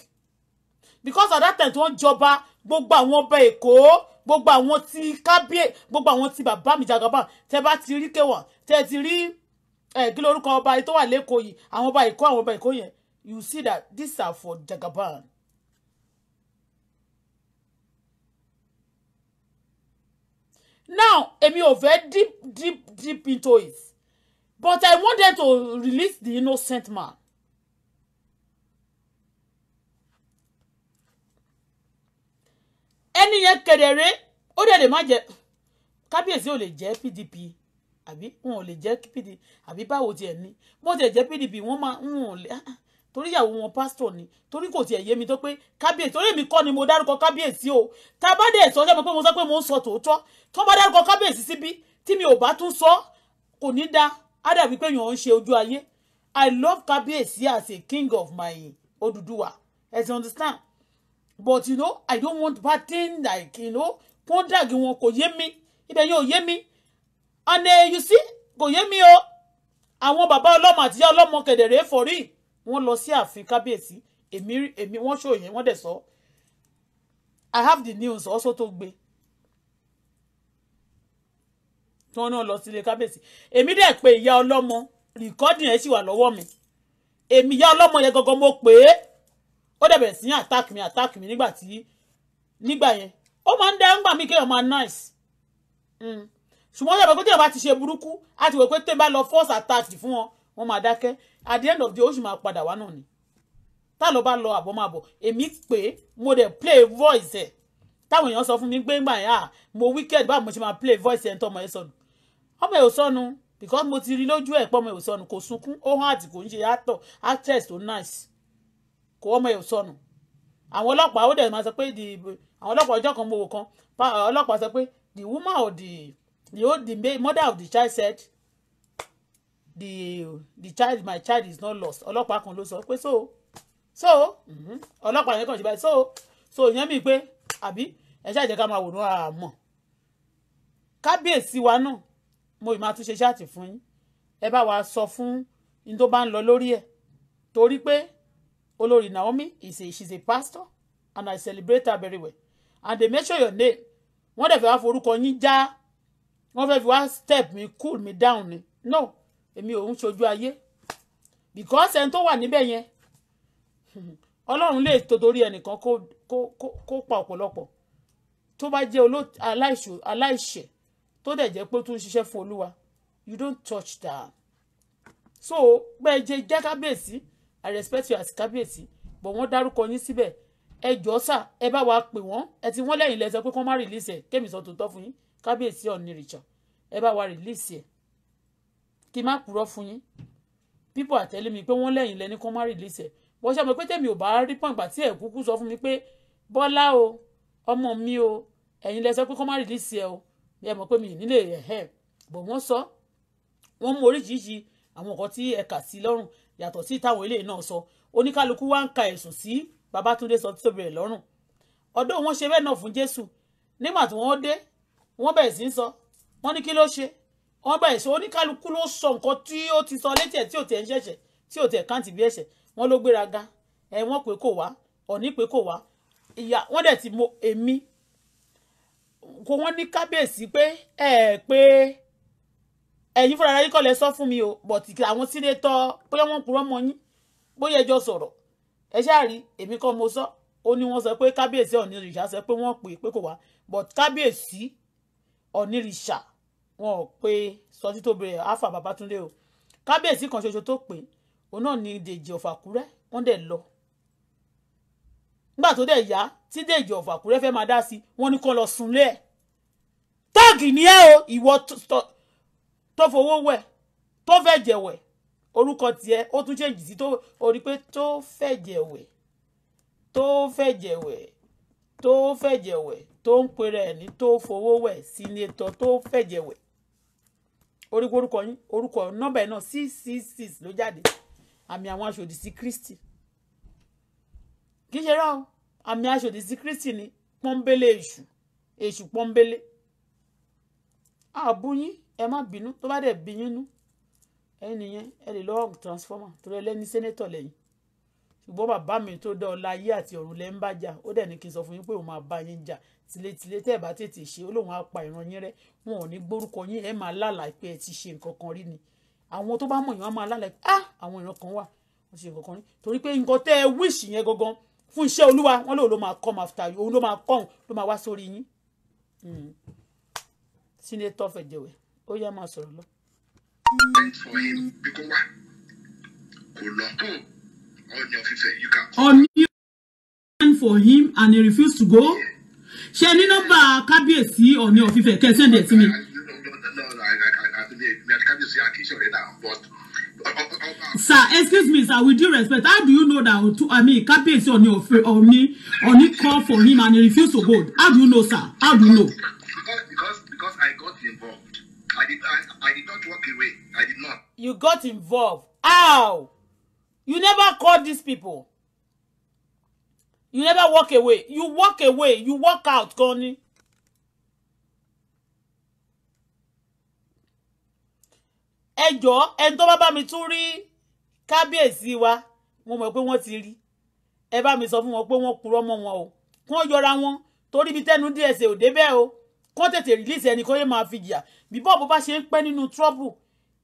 because at that time tí wọ́n jọba gbogbo àwọn ọba Èkó gbogbo àwọn ti kábíyè gbogbo àwọn ti bàbá mi jagaba tẹ bá ti rí kéwà tẹ ti rí ẹ eh, kí lórúkọ ọba tó wà lẹ́kọ̀ọ́ yìí àwọn ọba Èkó àwọn ọba Èkó yẹn you see that these are for Jagaban. now èmi ò fẹ́ deep deep deep into it but I wanted to release the innocent man. ẹni yẹn kedere ó dẹ̀ lè má jẹ kábíyèsí ò lè jẹ́ PDP àbí wọn ò lè jẹ́ PDP àbí báwo tiẹ̀ ní bó tiẹ̀ PDP wọ́n máa ń wọn torí ìyàwó wọn pásítọ̀ ni torí kò tiẹ̀ yé mi tó pé kábíyèsí torí èmi kọ́ ni mo dárúkọ kábíyèsí o tá a bá dẹ̀ sọ sẹ́mo pé mo sọ pé mo ń sọ tòótọ́ tó bá dárúkọ kábíyèsí síbí tí mi ò bá tún sọ kò ní da á dàbí pé yàn ń ṣe ojú ayé I love kábíyèsí as a king of my Odùduwà as you understand but you know I don't want bad thing like you know pọ́ńdàgì wọn kò yé mi ibẹ̀ yẹn ò yé mi and uh, you see kò yé mi o àwọn bàbá ọlọ́mọ àtìyá ọlọ́mọ kẹ̀dẹ̀rẹ́ for real wọ́n lọ sí ààfin kábíyèsí èmi èmi wọ́n ṣò yẹn wọ́n dẹ̀ sọ i have the news also tó gbé tí wọ́n náà lọ sílé kábíyèsí èmi dẹ̀ pé ìyá ọlọ́mọ rìkọ́dì ẹ̀ sì wà lọ́wọ́ mi èmi ìyá ọlọ́mọ yẹn gangan mo pè é ó dẹ̀ bẹ̀rẹ̀ sí ní attack mi attack mi nígbà tí nígbà yẹn ó máa ń dẹ́ ńgbà mí kéèyàn máa nice hmm. ṣùgbọ́n yàrá pé téèyàn bá ti ṣe burúkú á ti wò pé téèyàn bá lọ force attack fún wọn wọ́n máa dákẹ́ at the end of the oṣù máa padà wá náà ni tá ló bá lọ àbọ̀ máa bọ̀ èmi pé mo dẹ̀ play voice ẹ̀ táwọn èèyàn sọ fún mi pé ńgbà yẹn à ah, mo wicked báwo mo ṣe máa play voice ẹ̀ ń tọmọ ẹ sọnù ọmọ ẹ ò sọnù because mo ti rí lójú ẹ̀ pọ́mọ ẹ ò sọnù kò sunkún ó hàn àti kò ń ṣe actor actress tó nice kò ọmọ ẹ ò sọnù àwọn ọlọ́pàá ó dẹ̀ máa sọ pé the àwọn ọlọ́pàá ọjọ́ kan mo wò kan ọlọ́pàá sọ pé the woman or the the old the mother of the child said the the child my child is not lost ọlọ́pàá kan ló sọ pé so so mm-hmm. ọlọ́pàá yẹn kàn ṣe báyìí so so ìyẹn mi pé àbí ẹ ṣáà jẹ́ ká máa wòran àmọ́ kábíyèsí wa náà mo ì máa tún ṣe ṣáàtì fún yín ẹ bá wa sọ fún ní tó bá ń lọ lórí ẹ̀ torí pé olórí Naomi is a she is a pastor and I celebrate her very well and they make sure your name wọ́n dẹ̀ fẹ́ wá forúkọ yín já wọ́n fẹ́ fi wá step mi cool mi down ni no èmi ò ń ṣojú ayé because ẹni tó wà níbẹ̀ yẹn ọlọ́run lè tòdórí ẹnìkan kó kó kó pa ọ̀pọ̀lọpọ̀ tó bá jẹ́ aláìṣẹ̀ tó dẹ̀ jẹ́ pé ó tún ń ṣiṣẹ́ fún olúwa you don't touch that so bẹ́ẹ̀ jẹ́ jẹ́ kábíyèsí i respect you as kábíyèsí but wọ́n dárúkọ yín síbẹ̀ ẹ jọ sà ẹ bá wa pè wọ́n ẹ ti wọ́n lẹ́yìn lẹ́sẹ̀ pé kán má release ẹ̀ kémi sọ tòótọ́ fún yín kábíyèsí ọ̀nìrìṣà ẹ bá wa release ẹ̀ kí n má purọ́ fún yín people are telling me pé wọ́n lẹ́yìn lẹ́ni kó má release ẹ̀ bọ́ ṣe mọ̀ pé tèmi ò bá rí pọ̀ǹgbà tí ẹ̀ kúkú sọ fún mi pé bọ́lá o ọmọ mi o ẹ̀yin lẹ sọ pé kó má release ẹ o ẹ mọ̀ pé mi nílé ẹ̀ ẹ̀ bọ̀ wọ́n sọ wọ́n mú oríṣiríṣi àwọn nǹkan tí ẹ̀ka sí lọ́rùn yàtọ̀ sí táwọn eléyìí náà sọ oníkálukú wá ń ka ẹ̀sùn sí Babátúndé sọ tí tóbi rẹ̀ lọ́rùn ọdún wọn ṣe bẹ́ẹ̀ náà fún Jésù nígbà tí wọ́n dé wọ́n bẹ̀rẹ̀ sí ń sọ wọ́n ní kí ló ṣe wọ́n gbà ẹ̀ṣẹ̀ oníkálukú ló sọ nǹkan tí ó ti sọ létí ẹ̀ tí ò tẹ̀ ń ṣẹ̀ṣẹ̀ tí ò tẹ̀ káǹtì bí ẹ̀ṣẹ̀ wọ́n ló gbéraga ẹ̀ wọ́n pé kò wá ọ̀ní pé kò wá ìyá wọ́n dẹ̀ ti mọ èmi kò wọ́n ní kábíyèsí pé ẹ̀ pé ẹ̀yin fúnra ara yín kọ́ lẹ sọ fún mi o but àwọn sínétọ́ bóyá wọ́n purọ́ mọ́ yín bóyá ẹjọ́ sọ̀rọ̀ ẹ ṣáà rí èmi kọ́ mo sọ ó ní wọ́n sọ pé kábíyèsí ọ̀nìrìṣà sọ pé wọ́n pè é pé kò wá but kábíyèsí ọ̀nìrìṣà wọn ò pe sọtí tó bẹ̀rẹ̀ alfa babatunde o kábíyèsí kan ṣoṣo tó pè òun náà ni dèjì ọ̀fà kúrẹ́ wọ́n dẹ̀ lọ nígbà tó dẹ̀ yá tí dèjì ọ̀fà kúrẹ́ fẹ́ máa dá sí wọ́n ní kó lọ súnlé ẹ̀ táàgì ni ẹ o ìwọ tó fowó wẹ̀ tó fẹ́ jẹ̀wẹ̀ orúkọ tiẹ̀ ó tún ṣèjì sí tó orí pé tó fẹ́ jẹ̀wẹ̀ tó fẹ́ jẹ̀wẹ̀ tó fẹ́ jẹ̀wẹ̀ tó ń pèrè ẹ̀ ní tó fowó wẹ̀ sínétọ̀ tó fẹ́ jẹ̀wẹ̀ orúkọ orúkọ yín orúkọ nọ́mbà yẹn náà six six six ló jáde àmì àwọn aṣòdì sí Kristi kì í ṣe rá àmì aṣòdì sí Kristi ni pọ́ńbélé èṣù èṣù pọ́ńbélé àbúyín ẹ má bínú tó bá dẹ̀ bí yín nú ẹ̀yin nìyẹn ẹ lè lọ́ọ́ transformer torí ẹlẹ́ni sénétọ̀ lẹ́yìn ṣùgbọ́n bàbá mi tó dá ọlá ayé àti ọ̀run lẹ́ ń bá jà ó dẹ̀ ní kí n sọ fún yín pé òun máa bá yín jà tìletìle tẹ́ ẹ̀ bá tètè ṣe ó lóun ìran yín rẹ́ wọn ò ní gbórúkọ yín ẹ máa lálàá pé ẹ ti ṣe nǹkan kan rí ni àwọn tó bá mọ̀ yín wọ́n máa lálàá pé ah àwọn ìran kan wà wọ́n ṣe nǹkan kan rí torí pé nǹkan tẹ́ ẹ wíṣì yẹn gangan fún iṣẹ́ olúwa wọn lóun ló máa come after you òun ló máa kọ́ òun ló máa wá sórí yín. Hmm. sínétọ́ fẹ̀jẹ̀wẹ̀ ó yá máa sọ̀rọ̀ lọ. on your on for him and he refused to go. Yeah ṣe ní nọ́mbà kábíyèsí ọ̀ní ọ̀fífẹ́ kẹsàn-án dẹ̀ sí mi. Sir, excuse me, sir, with due respect, how do you know that to, I mean Kábíyèsí Ọ̀ni Ọ̀fẹ́ Ọ̀ni Ọ̀ni call for him and he refused to go? How do you know, sir? How do you know? Because because, because I got involved. I did I, I did not walk away. I did not. You got involved. How? You never called these people you never walk away you walk away you walk out gan ni. ẹ jọ̀ọ́ ẹni tó bá bá mi tún rí kábíyèsí wa mo mọ̀ pé wọ́n ti rí ẹ bá mi sọ fún wọn pé wọ́n purọ́ mọ́ wọn o kí wọ́n yọra wọn torí ibi tẹ́nu dsa ò débẹ̀ o kí wọ́n tètè release ẹni kó yẹ máa fi jìyà bí bọ́ọ̀bù bá ṣe ń pẹ́ nínú trouble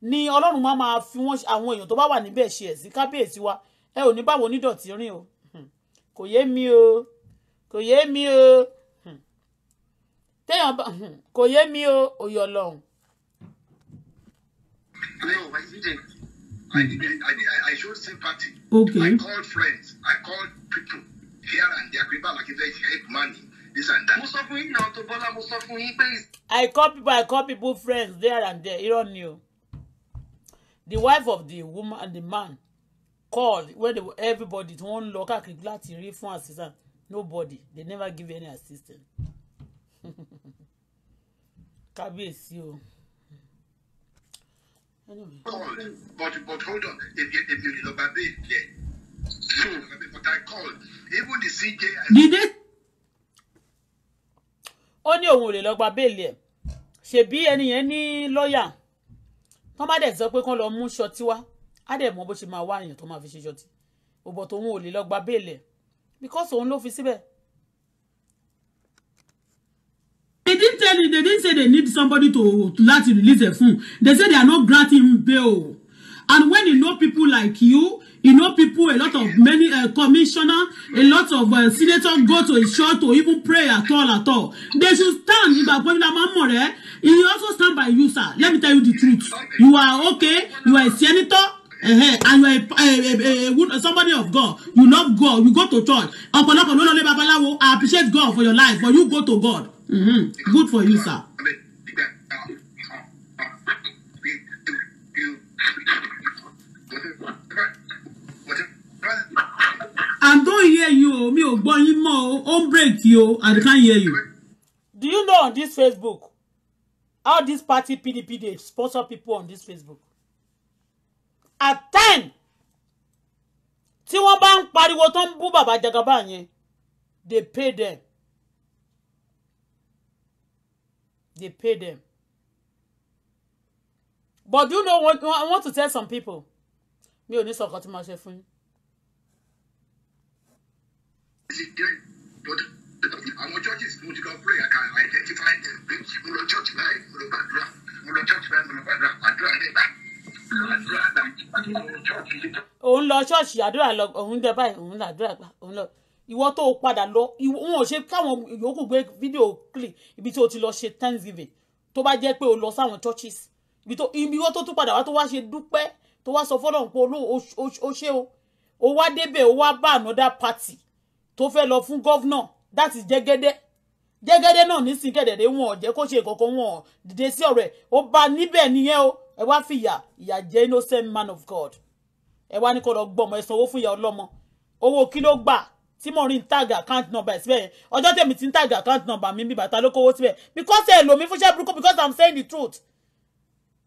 ni ọlọ́run máa máa fi wọ́n àwọn èèyàn tó bá wà níbẹ̀ ṣe ẹ̀ sí kábíyèsí wa ẹ ò ní báwo onídọ̀tí rìn o kò yé mi o kò yé mi o hmm. téèyàn bá hmm, kò yé mi o òye ọlọ́run. Hmm. i i i, showed sympathy. okay i called friends i called people here and there People like if they help money this and that. mo sọ fún yín náà tó bọ́lá mo sọ fún yín pé. i call people i call people friends there and there irọ́ ni o the wife of the woman and the man called when they were everybody tí wọ́n ń lọ káàkiri láti rí fún assistant nobody they never give any assistant kábíyèsí o. but but hold on èmi ò lọ bá bẹ́ẹ̀ yẹ but I called even the CJ. dídé ó ní òun ò lè lọ gba ẹ̀ ṣebí ẹni yẹn ní lọ́ọ̀yà tọ́mádẹ̀ sọ pé kán lọ mú ṣọtí wá á dẹ̀ mọ bó ṣe máa wá àyàn tó máa fi ṣe ṣọtì òbọ̀ tòun ò lè lọ gba because òun ló fi síbẹ̀. they didn't tell me they didn't say they need somebody to láti release a phone they say they are not granting bail and when you know people like you you know people a lot of many uh, commissioner a lot of uh, senator go to a church to even pray at all at all they should stand if agbonila mamore he also stand by you sir let me tell you the truth you are okay you are a senator uh and you are a, a, a, a, somebody of God, you love God, you go to church. Ọ̀pọ̀lọpọ̀ ló lọ babaláwo, I appreciate God for your life, but you go to God. Mm-hmm. Good for you, sir. I don't hear you o, mi ò gbọ́ yín mọ́ o, ó break you o, I can't hear you. Do you know on this Facebook how this party PDP dey sponsor people on this Facebook? at ten tí wọ́n bá ń pariwo tó ń bú bàbá Jagaba yẹn they pay them they pay them but do you know what I want to tell some people mi ò ní sọ̀kọ́ tí mo ṣe fún yín. àwọn churches mo ti lọ pray I identify them mo lọ church báyìí mo lọ gbàdúrà mo lọ church báyìí mo lọ gbàdúrà àdúrà lẹ́gbàá òun lọ ṣọ́ọ̀ṣì àdúrà lọ òun jẹ báyìí òun làdúrà gbà òun lọ ìwọ tó padà lọ wọn ò ṣe káwọn yòókù gbé fídíò clip ibi tí o ti lọ ṣe thanksgiving tó bá jẹ́ pé o lọ sáwọn churches ibi tó ibi wọ́n tó tún padà wá tó wá ṣe dúpẹ́ tó wá sọ fọ́lọ́run pé o ṣe o o wá débẹ̀ o wá bá another party tó fẹ́ lọ fún gọ́vnà that is jẹ́gẹ́dẹ́ jẹ́gẹ́dẹ́ náà nísìnyí kẹ̀dẹ̀dẹ́ wọn ò jẹ́ kó ṣe ìkọ̀kọ̀ wọn ò dìde sí ọ̀rẹ́ o bá níbẹ̀ nìyẹn o ẹ wá fìyà ìyà jẹ innocent man of God ẹ wá ní kó lọ gbọmọ ẹ sanwó fún ìyá ọlọ́mọ owó kí ló gbà tí mo rí ń tag account number ẹ̀ síbẹ̀ yẹn ọjọ́ tèmi ti ń tag account number mi bíbà ta ló kówó síbẹ̀ because ẹ lò mí fúnṣẹ́ burúkú because i'm saying the truth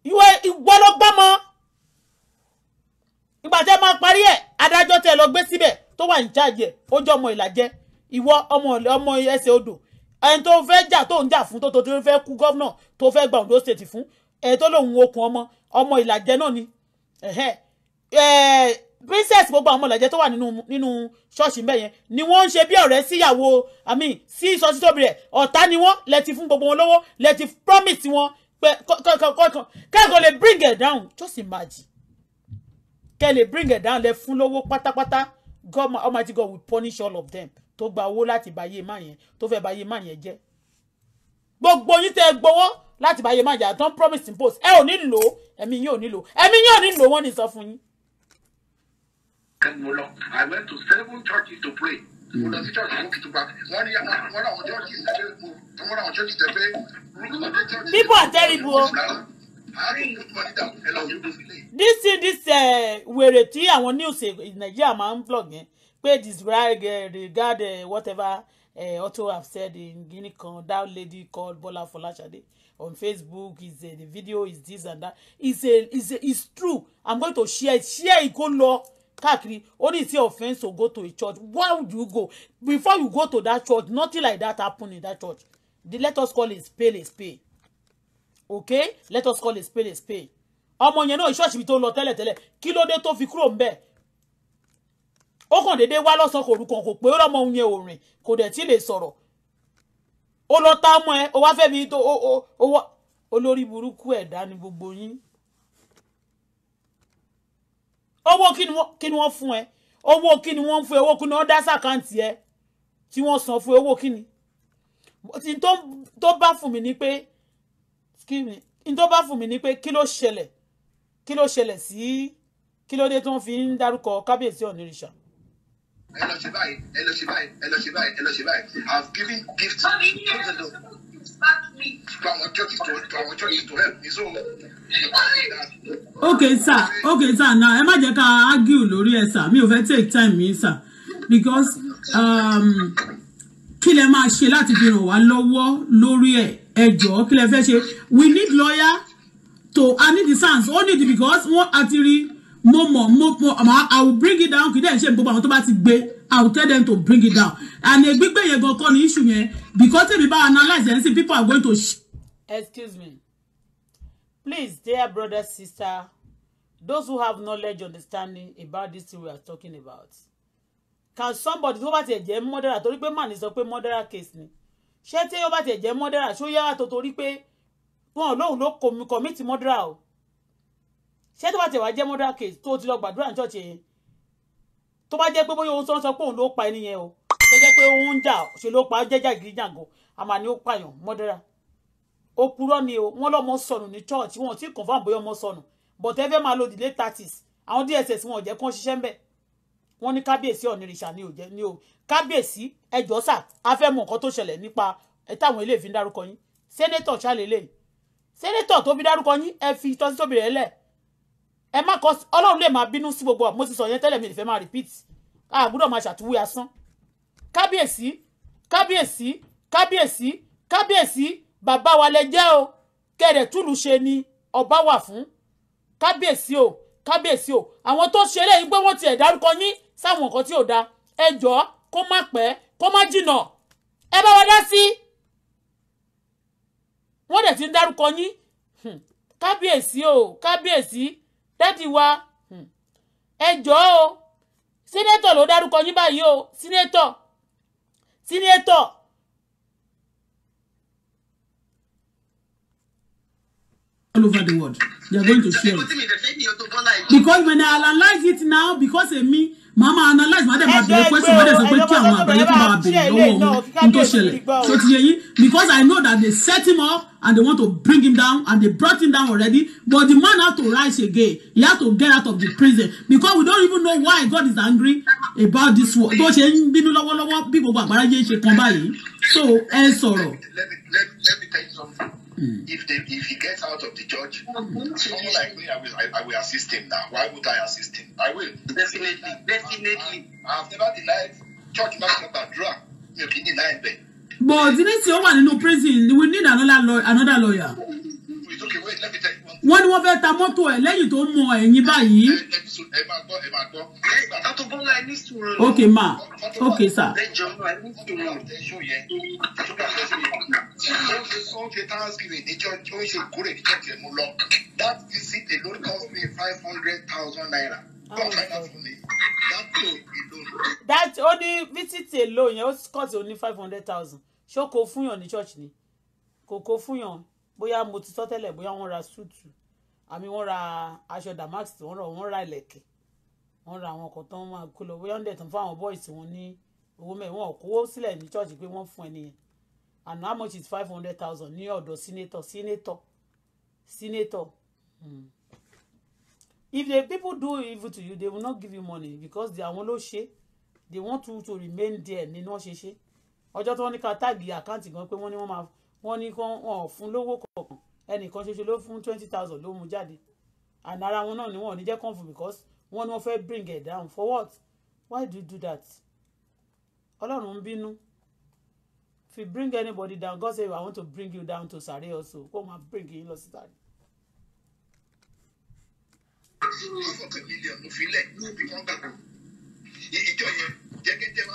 ìwọ ìwọ ló gbọ́mọ ìgbà tẹ́ máa parí ẹ̀ adájọ́ tẹ́ lọ gbé síbẹ̀ tó wà ní charge ẹ̀ ó jọ ọmọ ìlàjẹ ìwọ ọmọ ọmọ ẹsẹ̀ odò ẹni tó fẹ́ jà tó ń jà fún tó tó fẹ́ kú gọ́vnà tó fẹ́ gba Ondo state fún ẹ tó lòun okùn ọmọ ọmọ ìlàjẹ náà ni princess gbogbo àwọn ọmọlàjẹ tó wà nínú nínú ṣọ́ọ̀ṣì mbẹ yẹn ni wọ́n ń ṣe bí ọ̀rẹ́ síyàwó àmì sí ìsọsítòbí rẹ̀ ọ̀tá ni wọ́n lẹ fún gbogbo wọn lọ́wọ́ lẹ promise wọn pé kẹ́kọ̀ọ́ lè bring it down just imagine kẹ́ lè bring it down lẹ fún lọ́wọ́ pátápátá God Almighty God will punish all of them tó gba owó láti báyé má yẹn tó fẹ́ báyé má yẹn jẹ́ gbogbo yín tẹ́ gbowó láti báyé má jà tán promise post ẹ ò ní lò ó ẹ̀mí ní lò ó ẹ̀mí ní lò ó ní sọ fún yín. I went to seven churches to pray mo lọ sí church mo kì wọn ní ah, wọn làwọn church tẹ pé wọn làwọn church tẹ pé rúkúrúkú church. people are terrible o. this thing this eh, wèrè tí àwọn news Nigeria máa ń blog yẹn pé disregard eh, regard eh, whatever uh, Auto have said in Guinea kan that lady called Bola Folashade on Facebook is uh, the video is this and that is a is a is true I'm going to share it share it Go lọ káàkiri Only ní offense to go to a church why would you go before you go to that church nothing like that happen in that church the let us call it spade a spade okay let us call it spade a spade ọmọ yẹn náà ṣọ́ọ̀ṣì mi tó lọ tẹ́lẹ̀tẹ́lẹ̀ kí ló dé tó fi kúrò ń bẹ̀ ó kàn déédéé wá lọ́sàn-án kò orúkọ kò pé ó lọ́mọ òun yẹn ò rìn kò dẹ̀ tí lè sọ̀rọ̀ O lọ tá mọ́ ẹ ó wá fẹ́ mi o o o ó wá olórí burúkú ẹ̀dá ni gbogbo yín owó kini ni wọ́n fún ẹ owó kí ni wọ́n fún ẹ owó kí ni wọ́n dá sàkáǹtì ẹ tí wọ́n san fún owó kí ni tí tó bá fún mi ni pé tí tó bá fún mi ni pé kí ló ṣẹlẹ̀ kí ló ṣẹlẹ̀ sí kí fi ń dárúkọ kábíyèsí ọ̀nìrìṣà ẹ lọ ṣe báyìí ẹ given gifts to the lord to okay sir okay sir now ẹ má jẹ́ ká argue lórí ẹ̀ sir mi ò fẹ́ take time mi sir because um, kí lẹ máa ṣe láti fi ràn wá lọ́wọ́ lórí ẹ̀ ẹ jọ̀ọ́ kí lẹ fẹ́ ṣe we need lawyer to i need the sense only because wọ́n àti rí mo more, mo more. i will bring it down kì í dẹ̀ ṣe gbogbo àwọn tó bá ti gbé i will tell them to bring it down and gbígbé yẹn gan kọ́ ni issue yẹn because tèmi bá analyse ẹni people are going to. excuse me please dear brother sister those who have knowledge understanding about this thing we are talking about can somebody tó bá tiẹ̀ jẹ́ murderer torí pé màní sọ pé murderer case ni ṣé tí ó bá tiẹ̀ jẹ́ murderer ṣó yára tó torí pé wọn ò ló commit murderer o ṣé tó bá ti wá jẹ́ murder case tó ti lọ gbàdúrà ní ṣọ́ọ̀ṣì yẹn tó bá jẹ́ pé bóyá ohun tó ń sọ pé òun ló pa ẹni yẹn o tó jẹ́ pé òun ń jà ṣe ló pa jẹ́jà gíríjàngó àmà ni ó pààyàn mọ́dẹ́rà ó purọ́ ni o wọ́n lọ́mọ sọnù ní church wọn ò tí confam bóyá ọmọ sọnù but ẹ fẹ́ máa lo delay tactics àwọn dss wọn ò jẹ́ kán ṣiṣẹ́ ń bẹ̀ wọ́n ní kábíyèsí ọ̀nìrìṣà ni ò jẹ́ ni o kábíyèsí ẹjọ́ sà á fẹ́ mọ nǹkan tó ṣẹlẹ̀ nípa ẹ táwọn ilé ìfi ń dárúkọ yín sẹ́nẹ́tọ̀ ṣàlélẹ́yìn sẹ́nẹ́tọ̀ tó fi dárúkọ yín ẹ fi tọ́sítọ́bìrì ẹ lẹ́ẹ̀ ẹ má kọ ọlọ́run lè máa bínú sí gbogbo mo ti sọ yẹn tẹ́lẹ̀ mi lè fẹ́ máa repeat a gbọ́dọ̀ máa ṣàtúwé asán kábíyèsí kábíyèsí kábíyèsí kábíyèsí bàbá wa lẹ jẹ́ o kẹ̀rẹ̀ túlù ṣe ni ọba wà fún kábíyèsí o kábíyèsí o àwọn tó ṣe eléyìí pé wọ́n tiẹ̀ dárúkọ yín sáwọn nǹkan tí ò da ẹ jọ kó má pẹ́ kó má jìnà ẹ bá wa dá sí wọ́n dẹ̀ ti ń dárúkọ yín hm, kábíyèsí o kábíyèsí dádì wa hmm. ẹ jọ̀ọ́ o sínétọ̀ ló dárúkọ yín báyìí o sínétọ̀ sínétọ̀. all over the world they are going to share it because when i analyse it now because of me màá máa analyse màá dẹ̀ máa bèrè question màá dẹ̀ sọ pé kí àwọn àgbáyé kó máa bèrè lọ́wọ́ wọn kí n tó ṣẹlẹ̀ so ti yẹ yín because I know that they set him up and they want to bring him down and they brought him down already but the man had to rise again he had to get out of the prison because we don't even know why God is angry about this war tó ṣe ń bínú lọ́wọ́lọ́wọ́ bí gbogbo àgbáyé ṣe kan báyìí so ẹ sọ̀rọ̀. let me let me tell you something. Mm. If they, if he gets out of the church, mm. someone like me, I will, I, I will assist him now. Why would I assist him? I will. Definitely. I, Definitely. I, I've never denied church master drug. You can deny them. But didn't see one in prison. We need another lawyer. Another lawyer. Mm wọ́n ní wọ́n fẹ́ ta mọ́tò ẹ̀ lẹ́yìn tó mọ ẹ̀yìn báyìí. ẹ máa gbọ́ ẹ máa gbọ́. Auto Bola ẹ ní sùúrù. ok ma ok sa. ẹ jọ ẹ ní sùúrù. ó ṣe sọ ṣe thanksgiving níjọ ó ṣe ìkórè níjọ tí mo lọ that visit alone cost me five hundred thousand naira. Oh, that ó ní visit alone yẹn ó cost only five hundred thousand ṣó kò fún yàn ní church ni kò kò fún yàn bóyá mo ti sọ tẹ́lẹ̀ bóyá wọ́n ra súùtù àmì wọ́n ra aṣọ damax wọ́n ra wọ́n ra ìlẹ̀kẹ̀ wọ́n ra àwọn ọkọ̀ tó ń máa kó lọ bóyá wọ́n dẹ̀ tán fún àwọn boys wọn ní owó mẹ́rin wọn kówó sílẹ̀ ní church pé wọ́n fún ẹ nìyẹn and how much is five hundred thousand ní ọ̀dọ̀ senator senator senator hmm. if the people do evil to you they will not give you money because they àwọn ló ṣe they want you to remain there nínú ọ̀ṣẹ̀ṣẹ̀ ọjọ́ tí wọ́n ní ká táàgì àkáǹtì gan pé wọ́n ní wọ́n máa wọ́n ní kán wọn ò fún lówó kọ̀ọ̀kan ẹnìkan ṣoṣo ló fún twenty thousand ló mú jáde and ara wọn náà ni wọn ò ní jẹ́ kàn fún because wọ́n ní wọ́n fẹ́ bring it down for what why do you do that ọlọ́run ń bínú if you bring anybody down God say I want to bring you down to sàré also kó máa bring you lọ sí sàré.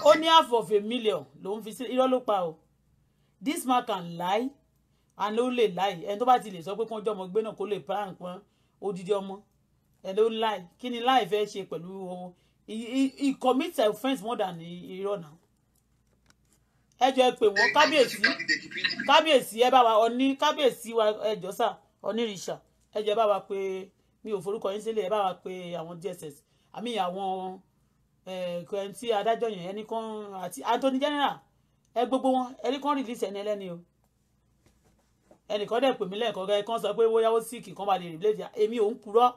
ó ní half of a million ló ń fi sí irọ́ ló pa o this man can lie and ó lè lie ẹni tó bá ti lè sọ pé kí wọ́n jọ ọmọ gbé náà kó lè prank wọn odidi ọmọ ẹni ó lie kí ni lie fẹ́ ṣe pẹ̀lú he he commit offence more than he náà ẹ jọ ẹ pè wọ́n kábíyèsí kábíyèsí ẹ bá wa oni. kábíyèsí wa ẹ jọ sà onírìṣà ẹ jọ ẹ bá wa pé mi ò forúkọ yín sílẹ̀ ẹ bá wa pé àwọn DSS àmì àwọn ẹ̀ẹ́dẹ́gbẹ̀ntì eh, adájọ́ yẹn ẹnì kan àti Anthony General ẹ gbogbo wọn ẹni kan release ẹni ẹlẹ́ni o ẹnìkan dẹ̀ pè mí lẹ́ẹ̀kan kẹ́ kan sọ pé wọ́n yáwó síìkì kan bá lè replace èmi ò ń purọ́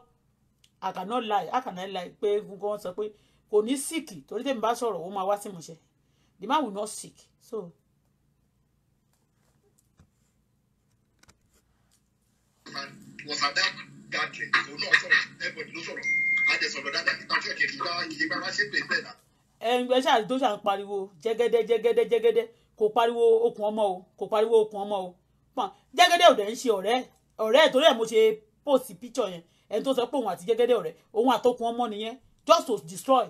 I cannot lie I cannot lie pé kan sọ pé kò ní síìkì torí tèmi bá sọ̀rọ̀ ó máa wá sí ìmọ̀ṣẹ́ the man will not sick so. was at that gathering everybody ló sọ̀rọ̀ a jẹ sọ̀rọ̀ dáadáa nípa tí ọ̀kẹ́ ìgbà ìyẹ́gbà wá ṣe pé ẹgbẹ́ ṣáà tó ṣáà ń pariwo jẹ́gẹ́dẹ́ jẹ́gẹ́dẹ́ jẹ́gẹ́dẹ́ kò pariwo okùn ọmọ o kò pariwo okùn ọmọ o pọn jẹ́gẹ́dẹ́ ò dẹ̀ ń ṣe ọ̀rẹ́ ọ̀rẹ́ torí ẹ̀ mo ṣe post picture yẹn ẹni tó sọ pé òun àti jẹ́gẹ́dẹ́ ọ̀rẹ́ òun àtọkùn ọmọ nìyẹn just to destroy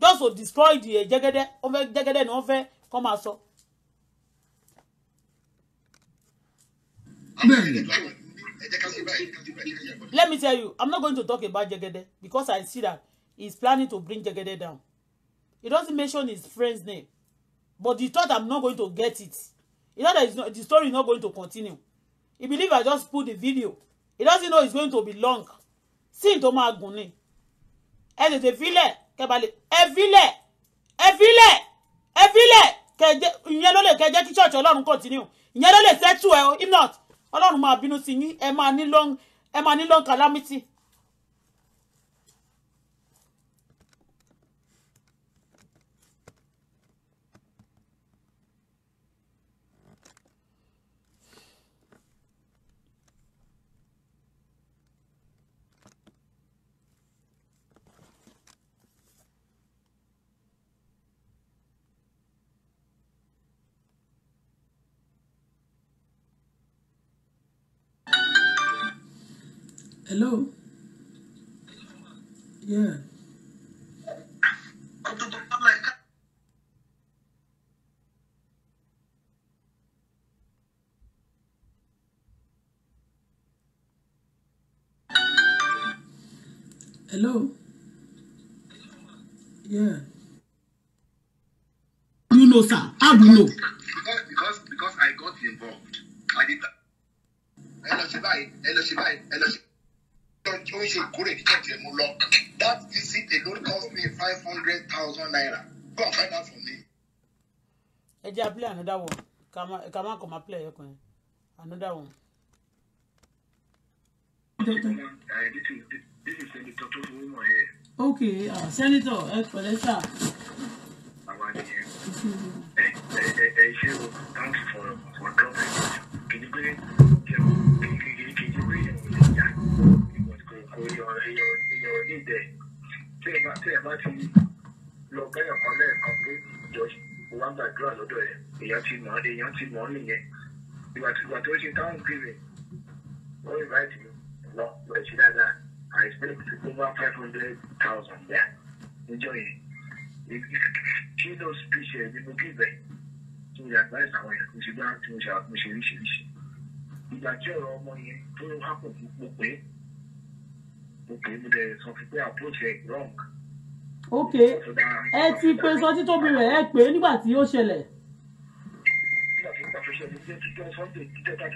just to destroy the eh, jẹ́gẹ́dẹ́ wọ́n fẹ́ jẹ́gẹ́dẹ́ ni wọ́n fẹ́ kọ́ máa sọ. let me tell you i'm not going to talk about jẹ́gẹ́dẹ́ because i see that He's planning to bring Jegede down. He doesn't mention his friend's name. But he thought I'm not going to get it. He thought that not, the story is not going to continue. He believe I just put the video. He doesn't know it's going to be long. Sin tó máa gùn ni. Ẹ tètè filẹ̀ kẹbalẹ̀ ẹ filẹ̀ ẹ filẹ̀ ẹ filẹ̀ kẹjẹ ìyẹn ló lè kẹjẹ church Ọlọ́run continue. Ìyẹn ló lè settle o if not Ọlọ́run máa bínú sí yín ẹ long ẹ máa long calamity. Hello? Yeah. Hello? Yeah. You know, sir. How do you know? Because, because, because I got involved. I did that. Hello, Shibai. Hello, Shibai. Hello, Shibai tó ń ṣe ìkórè ní kẹ̀kẹ́ mo lọ that visit alone cost me five hundred thousand naira go and find out for me. ẹ jẹ́ àpilẹ̀ another one ká má kọ́ máa pilẹ̀ ẹ̀kọ́ yẹn another one. Okay, uh, Senator, ẹ pẹ̀lẹ́ sà. ẹ ẹ ẹ ṣe o, thanks for for dropping. Kìnìún pé èèyàn èèyàn ní ìdẹ tí ẹ bá tí ẹ bá ti lọ bẹ́yàn kan lẹ́ẹ̀kan pé ìjọ wa gbàdúrà lọ́dọ̀ ẹ̀ èèyàn ti mọ̀ èèyàn ti mọ̀ nìyẹn ìgbà tí ìgbà tó ṣe táwọn kiri wọ́n invite mi I expect over five hundred thousand there níjọ yẹn keynote speech ẹ̀ ni mo kí bẹ̀ tí mo yà advice àwọn èèyàn mo ṣe gbá tí mo ṣe àtúnṣe oríṣiríṣi ìgbà tí ọ̀rọ̀ ọmọ yẹn tó hápò mo pé ok ẹ ti pe sọtí tóbi rẹ̀ ẹ pè é nígbà tí ó ṣẹlẹ̀. nígbà tí mo ṣe ní ṣe títí sunday títẹ́ tàbí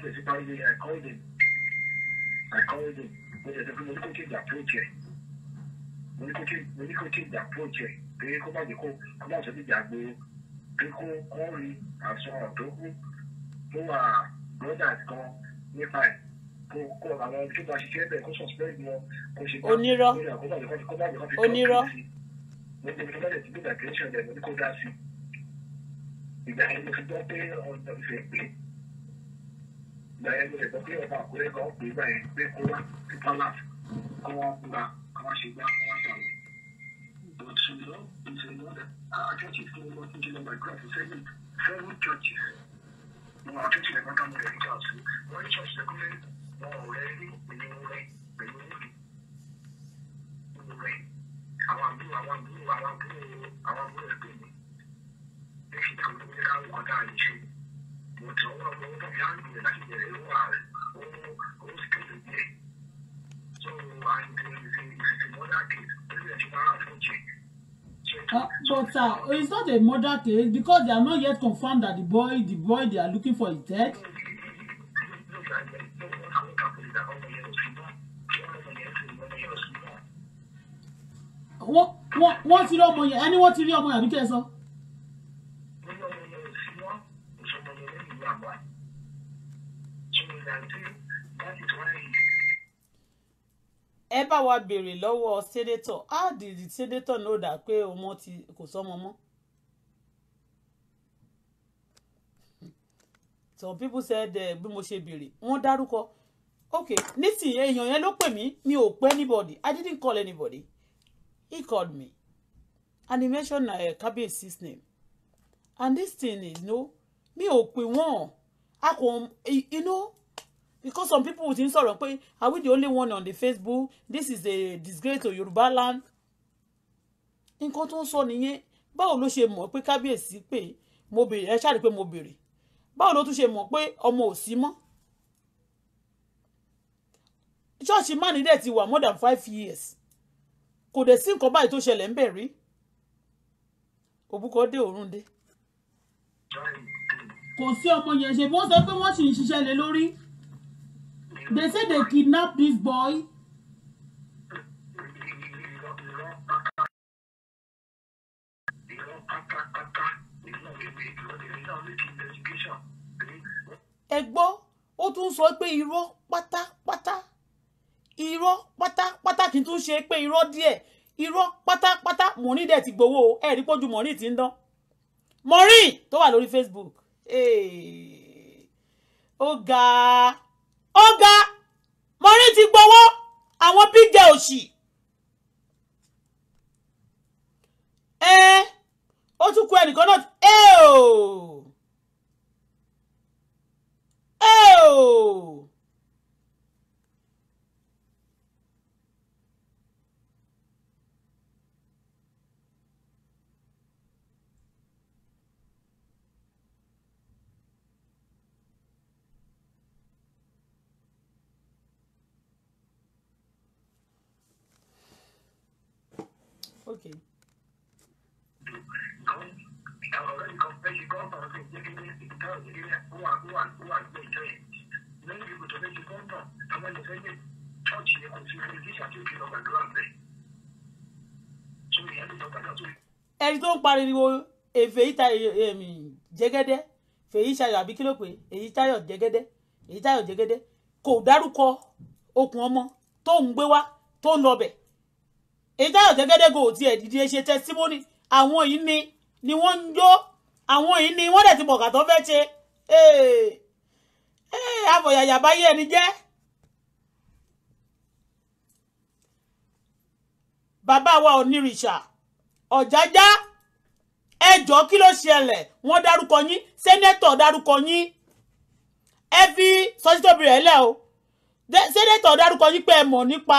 pé kó má jẹ́ kó má sọ níjà gbé pé kó kó rí àsọ̀rọ̀ tó wà brothers kan nípa ẹ̀ kó àwọn churches. Ah, but uh, it's not a murder case because they are not yet confirmed that the boy the boy they are looking for is dead wọ́n ti rí ọmọ yẹn ẹni wọ́n ti rí ọmọ yẹn àbí tẹ́ sọ. ẹ bá wa béèrè lọ́wọ́ senator how did the senator know that pé ọmọ ti kò sọmọ mọ́. some people said eh, bí mo ṣe béèrè wọ́n dárúkọ okay nísìnyí èèyàn yẹn ló pè mí mi ò pè anybody i didn't call anybody he called me and he mentioned uh, kábíyèsí's name and this thing is you know, mi ò pè wọ́n a kò you know because some people ti ń sọ̀rọ̀ are we the only one on the facebook this is a disgrace to Yoruba land nǹkan tó ń sọ nìyẹn báwo ló ṣe mọ̀ pé kábíyèsí pé mo bèrè ẹ ṣáà rí pé mo bèrè báwo ló tún ṣe mọ̀ pé ọmọ ò sí mọ́ man mánì dẹ̀ ti wà more than five years kò dẹ̀ sí nǹkan báyìí tó ṣẹlẹ̀ ń bẹ̀ rí òbúkọ dé òórùn dé. kò sí ọmọ yẹn ṣe wọ́n sọ pé wọ́n sì ń ṣiṣẹ́ lé lórí they say they kidnap this boy. ẹ gbọ́ ó tún sọ pé irọ́ pátápátá irọ́ pátápátá kì í tún ṣe pé irọ́ díẹ̀ irọ́ pátápátá mọ̀rí dẹ̀ ti gbowó ẹ̀ rí pójú mọ̀rí ti ń dán mọ̀rí tó wà lórí Facebook ó ga ó ga mọ̀rí ti gbowó àwọn bíjẹ òṣì ẹ ó tún kú ẹnìkan náà ẹ ò ẹ ò. Okay. ẹni tó ń pariwo èfèyí tayọ jẹ́gẹ́dẹ́ fèyí tayọ̀ àbí kí ló pé èyí tayọ̀ jẹ́gẹ́dẹ́ èyí tayọ̀ jẹ́gẹ́dẹ́ kò dárúkọ okùn ọmọ tó ń gbé wá tó ń lọ bẹ̀ èyí táyọ̀ tẹ́gẹ́dẹ́gò ò tiẹ̀ dìde ṣe testimony àwọn yìí ni ni wọ́n ń jó àwọn yìí ni wọ́n dẹ̀ ti bọ̀kà tó fẹ́ ṣe àfọ̀yàyà báyé ẹni jẹ́ bàbá wa onírìṣà ọ̀jájá ẹjọ́ kí ló ṣẹlẹ̀ wọ́n dárúkọ yín sẹ́nẹ́tọ̀ dárúkọ yín ẹ fi sọ́sítọ́bìrì ẹ̀ lẹ́ o sẹ́nẹ́tọ̀ dárúkọ yín pé ẹ mọ̀ nípa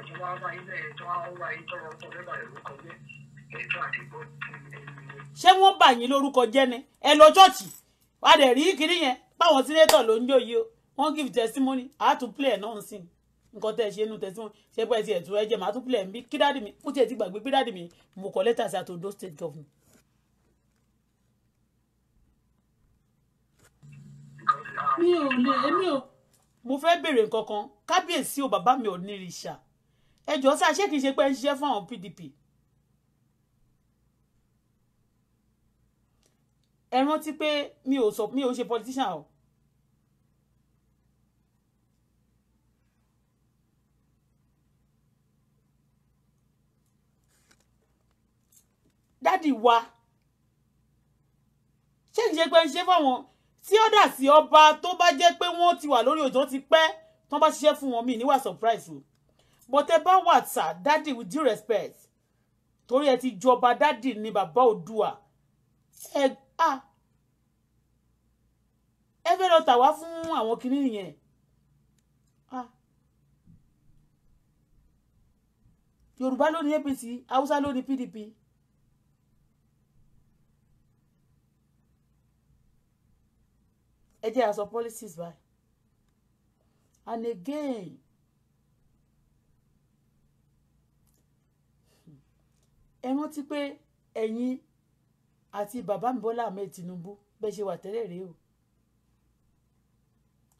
ẹ̀sùn wa wá ilé ẹ̀sùn wa wá ilé tọrọ tọrọ ìbàdàn lórúkọ jẹ́ ẹ̀sùn àti yín lórúkọ jẹ́ ni ẹ lọ ṣọ́ọ̀ṣì wà á dẹ̀ rí kiri yẹn báwọn sínétọ̀ ló ń jó yìí o wọ́n give testimony I had to play ẹ̀ náà sìn nǹkan tẹ́ ẹ ṣe nínú testimony ṣé pé ẹ ti ẹ̀tún ẹ̀jẹ̀ màá tún play ẹ̀ ń bí kí dáàdì mi ó tiẹ̀ ti gbàgbé bí dáàdì mi mo kọ lẹ́tà sí àtòdó state government. mi ò lè mi ò. mo fẹ́ béèrè nǹkan kan kábíyèsí o bàbá mi ò ní ìrìṣà ẹ jọ̀ọ́ sá ṣé kìí ṣe pé ẹ ń ṣiṣẹ́ fún àwọn PDP ẹ rántí pé mi ò sọ mi ò ń ṣe politician o. dádì wa ṣé kìí ṣe pé ń ṣe fáwọn tí ó dà sí ọba tó bá jẹ́ pé wọ́n ti wà lórí òjò ti pẹ́ tán bá ṣiṣẹ́ fún wọn mi níwà surprise o bọ́tẹ́ bá wà sà dádì with due respect torí ẹ ti jọba dádì ni bàbá òdùà ẹ a ẹ fẹ́ lọ tà wá fún àwọn kìnìún yẹn a Yorùbá ló ní APC Haúsá ló ní PDP. ẹ jẹ́ àsọ policies báyìí and again ẹ rántí pé ẹ̀yin àti bàbá mi Bọ́lá Ahmed Tinubu bẹ́ẹ̀ ṣe wà tẹ́lẹ̀ rèé o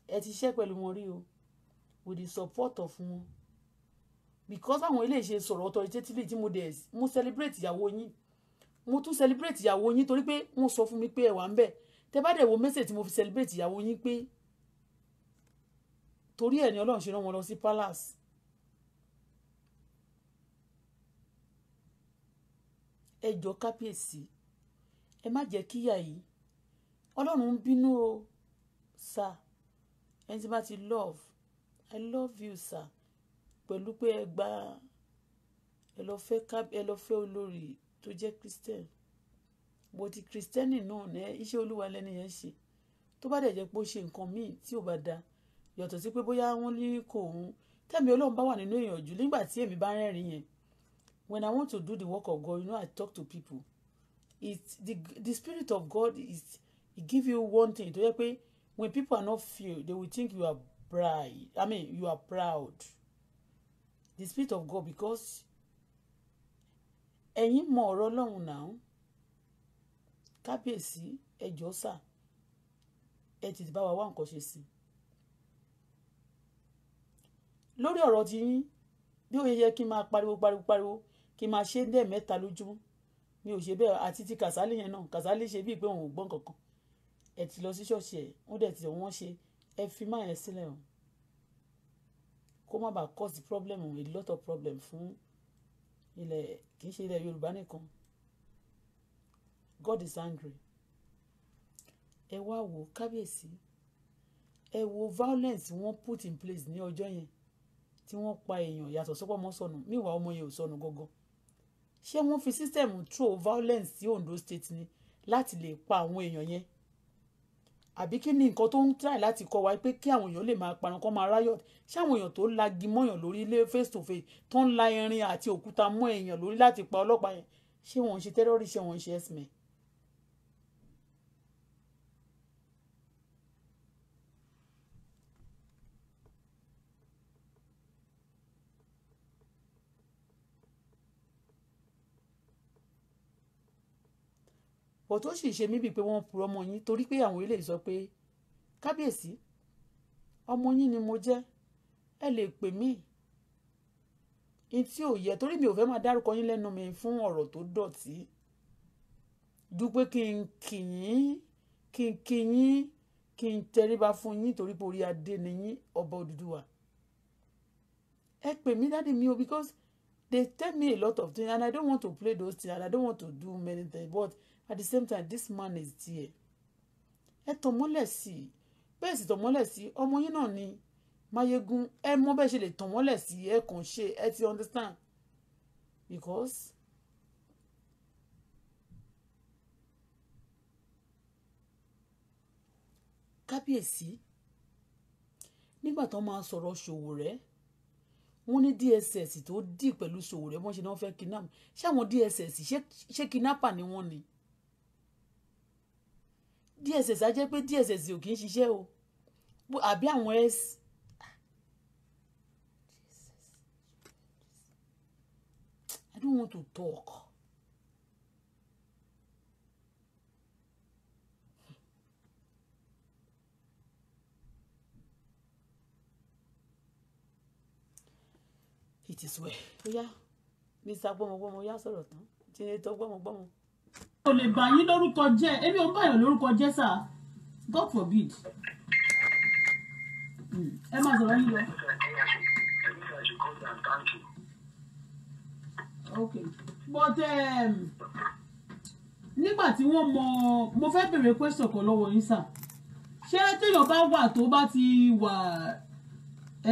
ẹ ti ṣiṣẹ́ pẹ̀lú wọn rí o with the support of wọn because àwọn ilé ìṣe sọ̀rọ̀ authoritatively tí mo dẹ̀ mo celebrate ìyàwó yín mo tún celebrate ìyàwó yín torí pé wọ́n sọ fún mi pé ẹ wà ń bẹ̀ tẹ́ bá dẹ̀ wo message tí mo fi celebrate ìyàwó yín pé torí ẹ̀ ni Ọlọ́run ṣe rán wọn lọ sí palace ẹ jọ kábíyèsí ẹ má jẹ́ kíyà yìí ọlọ́run ń bínú o sir ẹni tí bá ti love i love you sir pẹ̀lú pé ẹ gba ẹ lọ fẹ́ ẹ lọ fẹ́ olórí tó jẹ́ christian bó ti kristẹni náà ní iṣẹ́ olúwa lẹ́ni yẹn ṣe tó bá dẹ̀ jẹ́ pé ó ṣe nǹkan míì tí ò bá da yàtọ̀ sí pé bóyá wọ́n ní kò ń tẹ̀mí ọlọ́run bá wà nínú ìyànjú nígbà tí èmi bá rẹ́rìn yẹn when I want to do the work of God, you know, I talk to people. It the the spirit of God is it give you one thing to help when people are not filled, they will think you are pride. I mean, you are proud. The spirit of God because ẹ̀yin mọ ọ̀rọ̀ Ọlọ́run náà kábíyèsí ẹjọ́ sà ẹ ti bá wa wá nǹkan ṣe sí i lórí ọ̀rọ̀ ti yín bí ó yẹ kí n máa pariwo pariwo pariwo kí n máa ṣe ní ẹ̀mẹ́ta lójúmọ́ mi ò ṣe bẹ́ẹ̀ àti ti kàsálì yẹn náà kàsálì ṣe bíi pé òun ò gbọ́n kankan ẹ ti lọ sí ṣọ́ọ̀ṣì ẹ̀ wọ́n dẹ̀ ti wọ́n ṣe ẹ fi má yẹn sílẹ̀ o kó má bàa cause problem a lot of problem fún ilẹ̀ kì í ṣe ilẹ̀ Yorùbá nìkan God is angry ẹ wá wo kábíyèsí ẹ wo violence wọ́n put in place ní ọjọ́ yẹn tí wọ́n pa èèyàn yàtọ̀ sọ́pọ̀ mọ́ sọnù míwàá ọmọ yẹn ò sọnù gangan ṣé wọ́n fi system throw violence sí Ondo state ni láti lè pa àwọn èèyàn yẹn àbí kí ni nǹkan tó ń try láti kọ́ wa pé kí àwọn èèyàn lè máa parun kọ́ máa riot ṣé àwọn èèyàn tó lagi mọ́yàn lórí ilé face to face tó ń la irin àti òkúta mọ́ èèyàn lórí láti pa ọlọ́pàá yẹn ṣé wọ́n ń ṣe terrorist ṣé wọ́n ń ṣe x-men bọ̀ tó sì ṣe mí bíi pé wọ́n purọ́ ọmọ yín torí pé àwọn eléyìí sọ pé kábíyèsí ọmọ yín ni mo jẹ́ ẹ lè pè mí in tí ò yẹ torí mi ò fẹ́ máa dárúkọ yín lẹ́nu mi fún ọ̀rọ̀ tó dọ̀tí ju pé kí n kì yín kí n kí yín kí n tẹríba fún yín torí pé orí adé ni yín ọba Odùduwà ẹ pè mí dáàdi mi o because they tell me a lot of things and I don't want to play those things and I don't want to do many things but at the same time this man is there ẹ tàn mọ́lẹ̀ sí i bẹ́ẹ̀ sì tàn mọ́lẹ̀ sí i ọmọ yín náà ni Máyégún ẹ mọ bẹ́ẹ̀ ṣe lè tàn mọ́lẹ̀ sí i ẹ kàn ṣe ẹ ti understand because kábíyèsí nígbà tó máa sọ̀rọ̀ Ṣòwòrẹ́ wọ́n ní DSS tó dì pẹ̀lú Ṣòwòrẹ́ wọ́n ṣe ni wọ́n fẹ́ kidnap ṣé àwọn DSS ṣé kidnapper ni wọ́n ni. She, DSS á jẹ́ pé DSS ò kì í ṣiṣẹ́ o àbí àwọn s I don't want to talk. It is well. Ó yá, Mr. Gbọ́mọgbọ́mọ, ó yá sọ̀rọ̀ tán. Jìnnà tó gbọ́mọgbọ́mọ kò lè bà yín lórúkọ jẹ́ èmi ò ń bàyàn lórúkọ jẹ́ sà God forbid hmm. ẹ máa sọ̀rọ̀ yín lọ. okay but um, nígbà tí wọ́n mọ mo fẹ́ bèrè question kan lọ́wọ́ yín sà ṣé téèyàn bá wà tó bá ti wà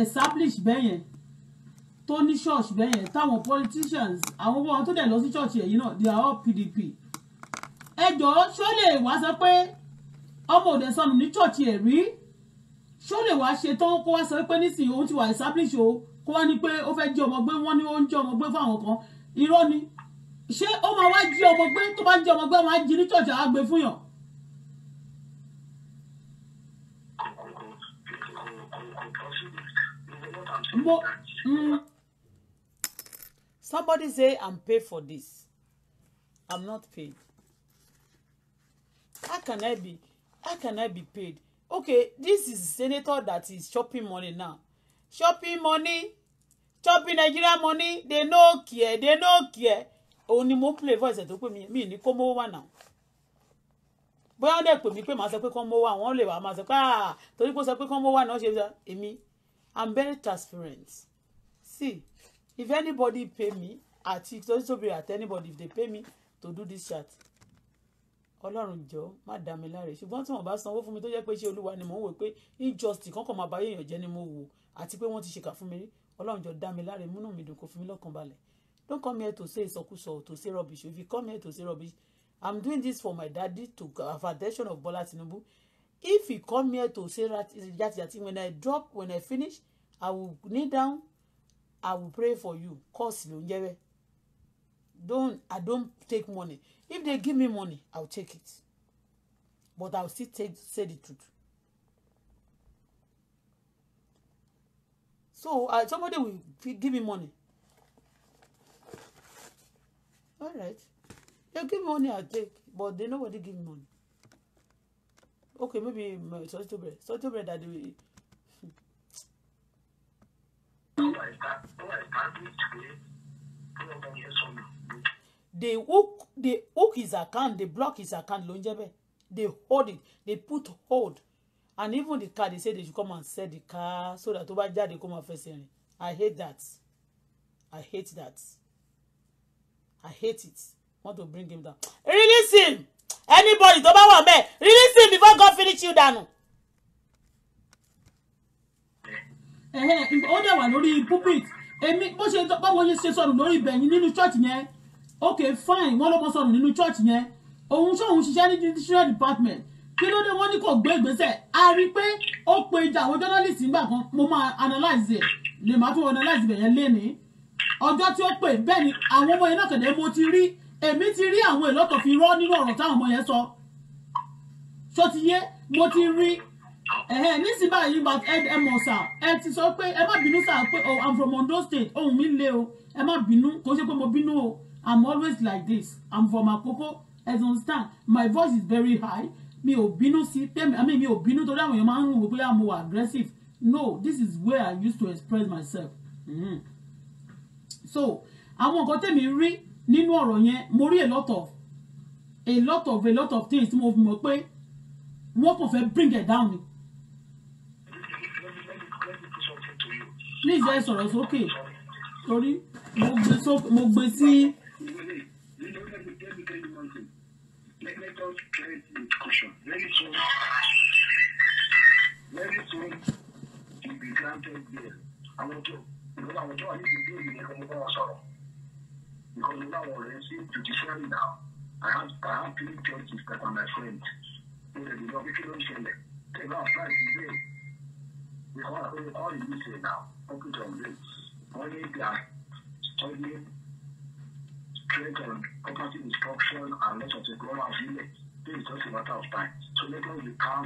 established bẹ́yẹn tó ní church bẹ́yẹn táwọn politicians àwọn ọmọ tó dẹ̀ lọ sí church yẹn yìí náà they are all PDP ẹ ṣó lè wá sọ pé ọmọ òde sọnù ní chọ́ọ̀chì ẹ̀ rí ṣó lè wá ṣe tán kó wá sọ pé nísìnyí òun ti wà establish kó wá ní pé ó fẹ́ jí ọmọ gbé wọ́n ní ó ń jí ọmọ gbé fáwọn kan irọ́ ni ṣé ó máa wá jí ọmọ gbé tó bá jí ọmọ gbé máa jí ní chọ́ọ̀chì àgbẹ̀ fún yàn. mo. Mm. Somebody say I'm pay for this. I'm not paid. How can I be? How can I be paid? Okay, this is senator that is chopping money now. Chopping money, chopping Nigeria money, they no care, they no care. Oni mo play voice ẹ̀ tó pè mi ni kó mówó wà náà. Bóyá wọ́n dẹ̀ pè mí pé màá sọ pé kán mówó wà, wọ́n lè wà máa sọ ah torí pé ó sọ pé kán mówó wà náà ṣe é I'm very transparent. See, if anybody pay me, àti torí tóbi at anybody if they pay me to do this chat, ọlọ́run jọ má dá mi láre ṣùgbọ́n tí wọ́n bá sanwó fún mi tó jẹ́ pé ṣé olúwa ni mò ń wò pé injustice kankan máa bá yéèyàn jẹ́ ni mo wò àti pé wọ́n ti ṣèkà fún mi ọlọ́run jọ dá mi láre múnú mi dùn kó fún mi lọ́kàn balẹ̀ don't come here to say ìsọkúsọ or to say rubbish if you come here to say rubbish i'm doing this for my daddy to have of Bola Tinubu if you come here to say yati yati when i drop when i finish i will kneel down i will pray for you cause ló ń jẹ́ bẹ́ẹ̀ don't i don't take money If they give me money, I'll take it. But I'll still take, say the truth. So uh, somebody will give me money. All right. They give me money, I'll take. But they nobody give me money. Okay, maybe Sotto bread. Sotto bread that we. Tó bá ìta tó bá ìta bí ìtúwé tí ọmọ yẹn sọnù they hook they hook his account they block his account ló they hold it they put hold and even the car they say they should come and sell the car so that tó bá jáde kó máa fẹsẹ̀ rìn I hate that I hate that I hate it want to bring him down release him anybody tó bá wà release him before God finish you down. dànù. ó dẹ̀ wà lórí pulpit you say? ṣe sọ̀rọ̀ lórí ibẹ̀ yín nínú ṣọ́ọ̀tì yẹn ok fine wọ́n ló kọ́ sọnù nínú church yẹn òun sóun ṣiṣẹ́ ní judicial department kí ló dé wọ́n ní kò gbé ìgbésẹ̀ a rí i pé ó pe ìjà àwọn journalist nígbà kan mo máa analyze it. lè máa tún analyse ibẹ̀ yẹn lénìí ọjọ́ tí ó pè bẹ́ẹ̀ ni àwọn ọmọ yẹn náà kẹ̀dẹ̀ mo ti rí èmi ti rí àwọn èlò tó fi rọ́ nínú ọ̀rọ̀ táwọn ọmọ yẹn sọ ṣó ti yé mo ti rí ẹ̀hẹ́ nísìnyí báyìí bá ẹ mọ̀ sà ẹ ti sọ pé ẹ má bínú sà pé oh I'm from Ondo State ohun mi le o ẹ má bínú kò ṣe pé mo bínú o i'm always like this i'm from Akoko as you understand my voice is very high mi ò bínú sí tẹ́mi àmì mi ò bínú torí àwọn èèyàn máa ń rò bóyá mo aggressive no this is where i used to express myself mm. so àwọn nǹkan tẹ́mi rí nínú ọ̀rọ̀ yẹn mo rí a lot of a lot of a lot of things tí mo fi mọ̀ pé wọ́n kàn fẹ́ bring it down please ẹ sọ̀rọ̀ sókè torí mo gbé sí. So, Let, let us play with caution. Very soon, very soon, you'll be granted bail. I want to, because I want to, I need to do it in a sorrow. Because now I'm already to defend now. I have, I have three churches that are my friends. They did not make it on Sunday. They now apply to bail. We all, we all in this now. Focus on this. Only they are studying create um, property instruction and lots of things wọ́n máa fi lẹ̀ this is just a matter of time so later we calm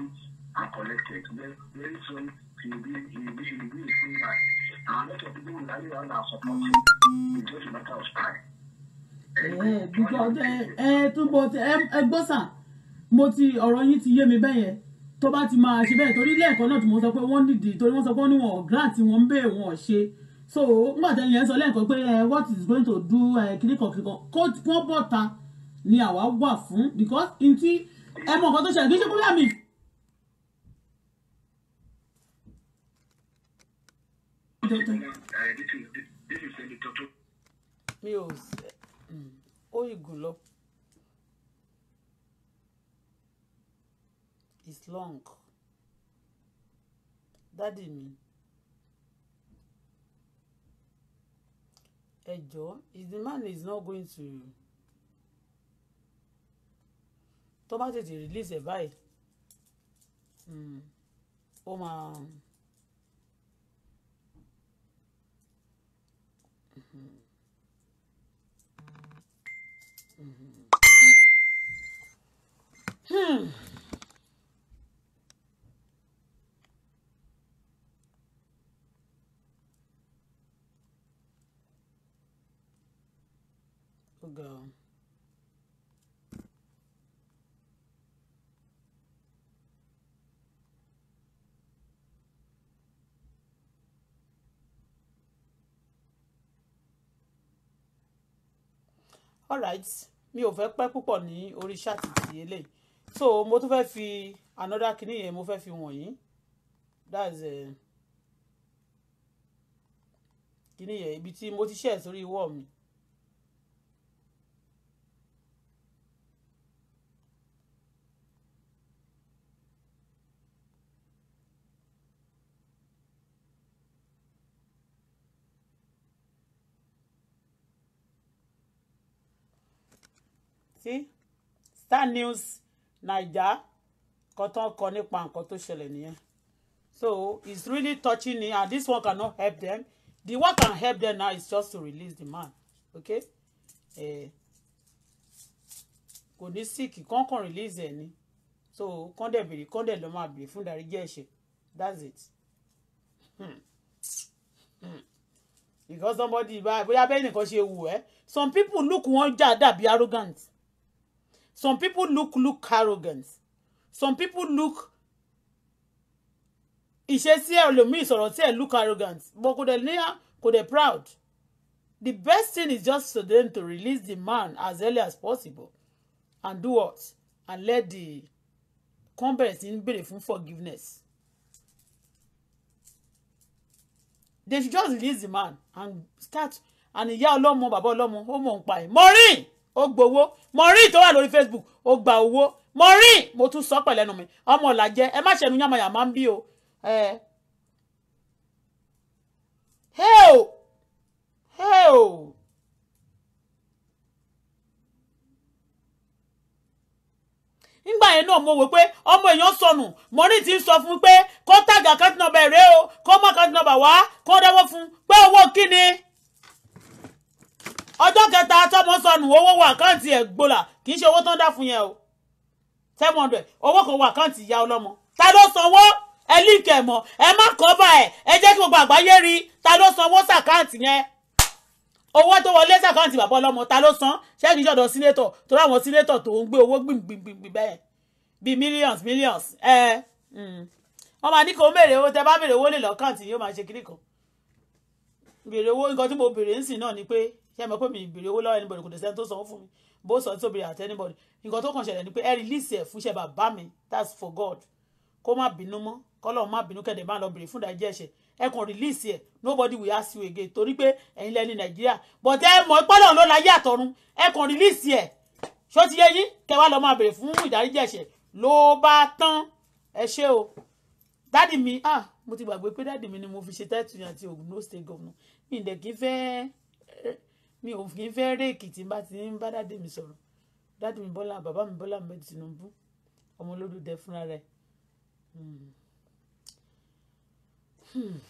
and collected then very soon he be he will be he be a free man and lots of people will rally around and support him it just a matter of time. ẹ túbọ̀ mo ti ọ̀rọ̀ yín ti yé mi bẹ́ẹ̀ yẹn tó bá ti máa ṣe bẹ́ẹ̀ torí lẹ́ẹ̀kan náà tí mo sọ pé wọ́n nídìí torí wọ́n sọ pé wọ́n níwọ̀n grant wọn ń bẹ́ẹ̀ wọn ò ṣe so nígbà tẹ́yìn yẹn sọ lẹ́ẹ̀kan pé eh, what is going to do eh, kíríkan kíríkan kó wọ́n bọ̀ ta ni àwa wà fún because ntí ẹ mọ nǹkan tó ṣẹlẹ̀ kí n ṣe kó bí àmì. mi ò mm, ó ìgùn lọ. it's long. dádì mi. ẹjọ́ Is the man is not going to tó bá tètè release ẹ̀ báyìí hmm, ó máa Hmm. hmm, hmm. We'll go alright mi ò fẹ́ pẹ́ púpọ̀ ní orí ṣáàtìtì eléyìí so mo tún fẹ́ fi another kinní yẹn mo fẹ́ fi wọ̀nyí that's eh, kinní yẹn ibi tí mo ti ṣẹ̀ sórí ìwọ́ mi. see Star News Naija kan tó ń kọ nípa nǹkan tó ṣẹlẹ̀ nìyẹn so it's really touching me and this one cannot help them the one can help them now is just to release the man okay eh, kò ní síkì kọ́ńkàn release ẹ̀ ni so kọ́ńdẹ̀ bèrè kọ́ńdẹ̀ ló máa bèrè fún ìdáríjì ẹ̀ṣẹ̀ that's it hmm. Hmm. because somebody bóyá bẹ́ẹ̀ nìkan ṣe wù ẹ́ some people look wọ́n jà dàbí arrogant some people look look arrogant some people look ìṣesí ẹlòmíì sọ̀rọ̀ tí ẹ̀ look arrogant but kò dẹ̀ ní kò dẹ̀ proud the best thing is just for them to release the man as early as possible and do what and let the kan bẹ̀rẹ̀ sí ń forgiveness they should just release the man and start and ìyá ọlọ́mọ bàbá ọlọ́mọ ó mọ̀ ń pa ẹ̀ mọ́rin. ó gbowó maureen tó wà lórí facebook ó gba owó maureen mo tún sọ pẹ̀lẹ́nu mi ọmọ ọ̀làjẹ́ ẹ má ṣẹnu yàmàyàmá ń bí o ẹ. Hey, oh. Hey, oh. nígbà yẹn náà mo wò pé ọmọ èèyàn sọnù mọ́rí ti ń sọ fún pé kó tàgà kántínọ́bà rèé o kó mọ́ kántínọ́bà wá kó dáwọ́ fún pé owó ni ọjọ́ kẹta tọ́mọ sọnù owó wà àkáǹtì ẹ̀ gbọ́là kì í ṣe owó tó ń dá fún yẹn o ten hundred owó kan wà àkáǹtì ìyá ọlọ́mọ ta ló sanwó ẹ líǹkẹ̀ mọ́ ẹ má kọ́ba ẹ̀ ẹ jẹ́ kí gbogbo àgbáyé rí ta ló sanwó sàkáǹtì yẹn owó tó wọlé sàkáǹtì bàbá ọlọ́mọ ta ló san ṣẹ́ni ìjọ̀dọ̀ sínétọ̀ tó ráwọn sínétọ̀ tó ń gbé owó gbìngbìngbìn bẹ́ẹ̀ bíi millions millions ẹ hmm. wọ́n máa ní kó mèrè owó tẹ bá mèrè owó lè lọ́kàǹtì yóò máa ṣe kíríkan mèrè owó nǹkan tí mo bèrè ń sìn náà ni ṣé ẹ mọ̀ pé mi ìbèrè owó lọ́wọ́ anybody kò dé sẹ́ni tó sanwó fún mi bó sọ tí òbèrè àti anybody nǹkan tó kàn ṣẹlẹ̀ ni pé ẹ release ẹ̀ fúnṣẹ́ bàbá mi that's for God kó má bínú mọ́ kọ́lọ́ má bínú kẹ́dẹ̀ má lọ bèrè fún ìdájí ẹ̀ṣẹ̀ ẹ kàn release ẹ̀ nobody will ask you again torí pé ẹ̀yin lẹ́ni Nàìjíríà but ẹ mọ̀ pọ́lọ̀ ló láyé àtọ̀run ẹ kàn release ẹ̀ ṣó ti yé yín kẹ́ wá lọ máa bèrè fún ìdáríjì ẹ̀ṣẹ̀ ló bá tán ẹ ṣé o dádì mi ah mo ti gbàgbé pé dádì mi ni mo fi ṣe tẹ́tù yẹn àti Ogun no state governor mi ì dẹ̀ fẹ́ẹ́ mi ò kì í fẹ́ réèkì tí n bá ti ń bá dáàdì mi sọ̀rọ̀ dáàdì mi bọ́lá bàbá mi bọ́lá mi Tinubu ọmọ olódùdẹ fúnra rẹ̀ hmm. Hmm.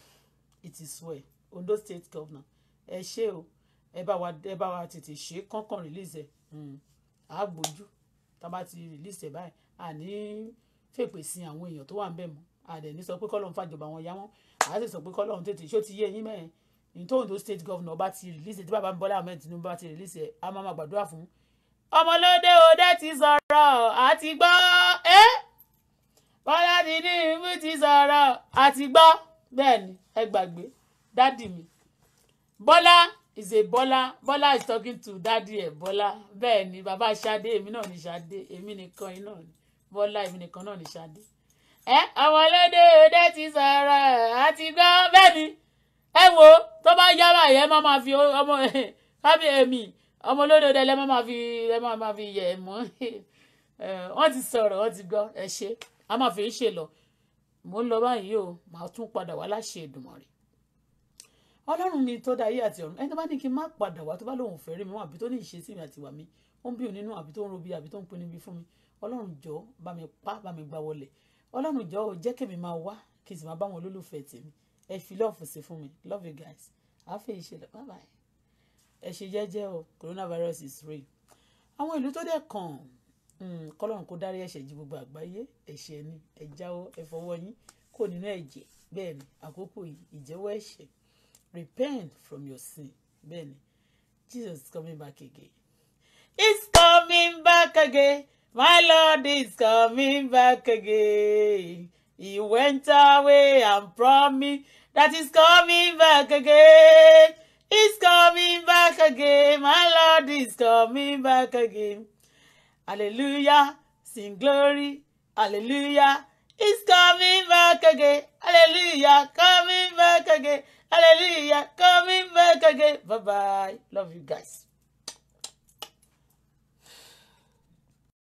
it is well Ondo State Governor ẹ ṣe o ẹ bá wa ẹ bá wa tètè ṣe kánkán release ẹ àá hmm. gbójú tá a bá ti release ẹ báyìí àní fèpè sí àwọn èèyàn tó wà ń bẹ̀ mọ́ àdẹ̀ ní sọ pé kọ́lọ́n fàjọba wọn yá wọn àá sì sọ pé kọ́lọ́n tètè ṣó ti yé ẹyin mẹ́rin nítorí tó state governor bá ti release tí bàbá Bọ́lá Ahmed Tinubu bá ti release ẹ̀ a máa ma gbàdúrà fún. ọmọlódé òde ti sọ̀rọ̀ àti gbọ́ ẹ́ Bọ́lá Tinubu ti sọ̀rọ̀ àti gbọ́ bẹ́ẹ̀ ni ẹ gbàgbé dádì mi Bọ́lá is a Bọ́lá Bọ́lá is talking to dádì ẹ̀ Bọ́lá bẹ́ẹ̀ ni bàbá Ṣadé èmi náà ni Ṣadé èmi nìkan iná ni Bọ́lá èmi nìkan náà ni Ṣadé ẹ ọmọlódé òde ti sọ̀rọ̀ àti gbọ́ bẹ́ẹ̀ ni ẹ wo tó bá yára yẹ má máa fi ọmọ kábí èmi ọmọ olódodo ẹ má máa fi ẹ má máa fi yẹ ẹ mọ wọn ti sọ̀rọ̀ wọn ti gbọ́ ẹ ṣe a máa fi ṣe lọ mo ń lọ báyìí o màá tún padà wá láṣẹ Èdùmàrè Ọlọ́run ni tó dá ayé àti ọ̀run ẹni tó bá ní kí n má padà wá tó bá lóun fẹ́ rí mi wọn àbí tó ní ìṣesí mi àti ìwà mi ó ń bí òun nínú àbí tó ń robi àbí tó ń pinnu ibi fún mi Ọlọ́run jọ bá mi pa bá mi gbá wọlẹ̀ Ọlọ́run jọ jẹ́ kí mi máa wá kí n sì máa bá wọn olólùfẹ́ tèmi ẹ fi lọ́ọ̀fù sí fún mi love you guys àáfẹ́ ìṣẹ̀lẹ̀ bye bye ẹ ṣe jẹ́jẹ́ o coronavirus is real àwọn ìlú tó dẹ̀ kàn hmm, kọ́lọ́run kó dárí ẹ̀ṣẹ̀ jì gbogbo àgbáyé ẹ̀ṣẹ̀ ni ẹ jáwọ́ ẹ fọwọ́ yín kò nínú ẹ̀jẹ̀ bẹ́ẹ̀ ni àkókò yìí ìjẹ́wọ́ ẹ̀ṣẹ̀ repent from your sin bẹ́ẹ̀ ni Jesus is coming back again he's coming back again my Lord is coming back again. He went away and promised that he's coming back again. He's coming back again. My Lord is coming back again. Hallelujah. Sing glory. Hallelujah. He's coming back again. Hallelujah. Coming back again. Hallelujah. Coming back again. Bye bye. Love you guys.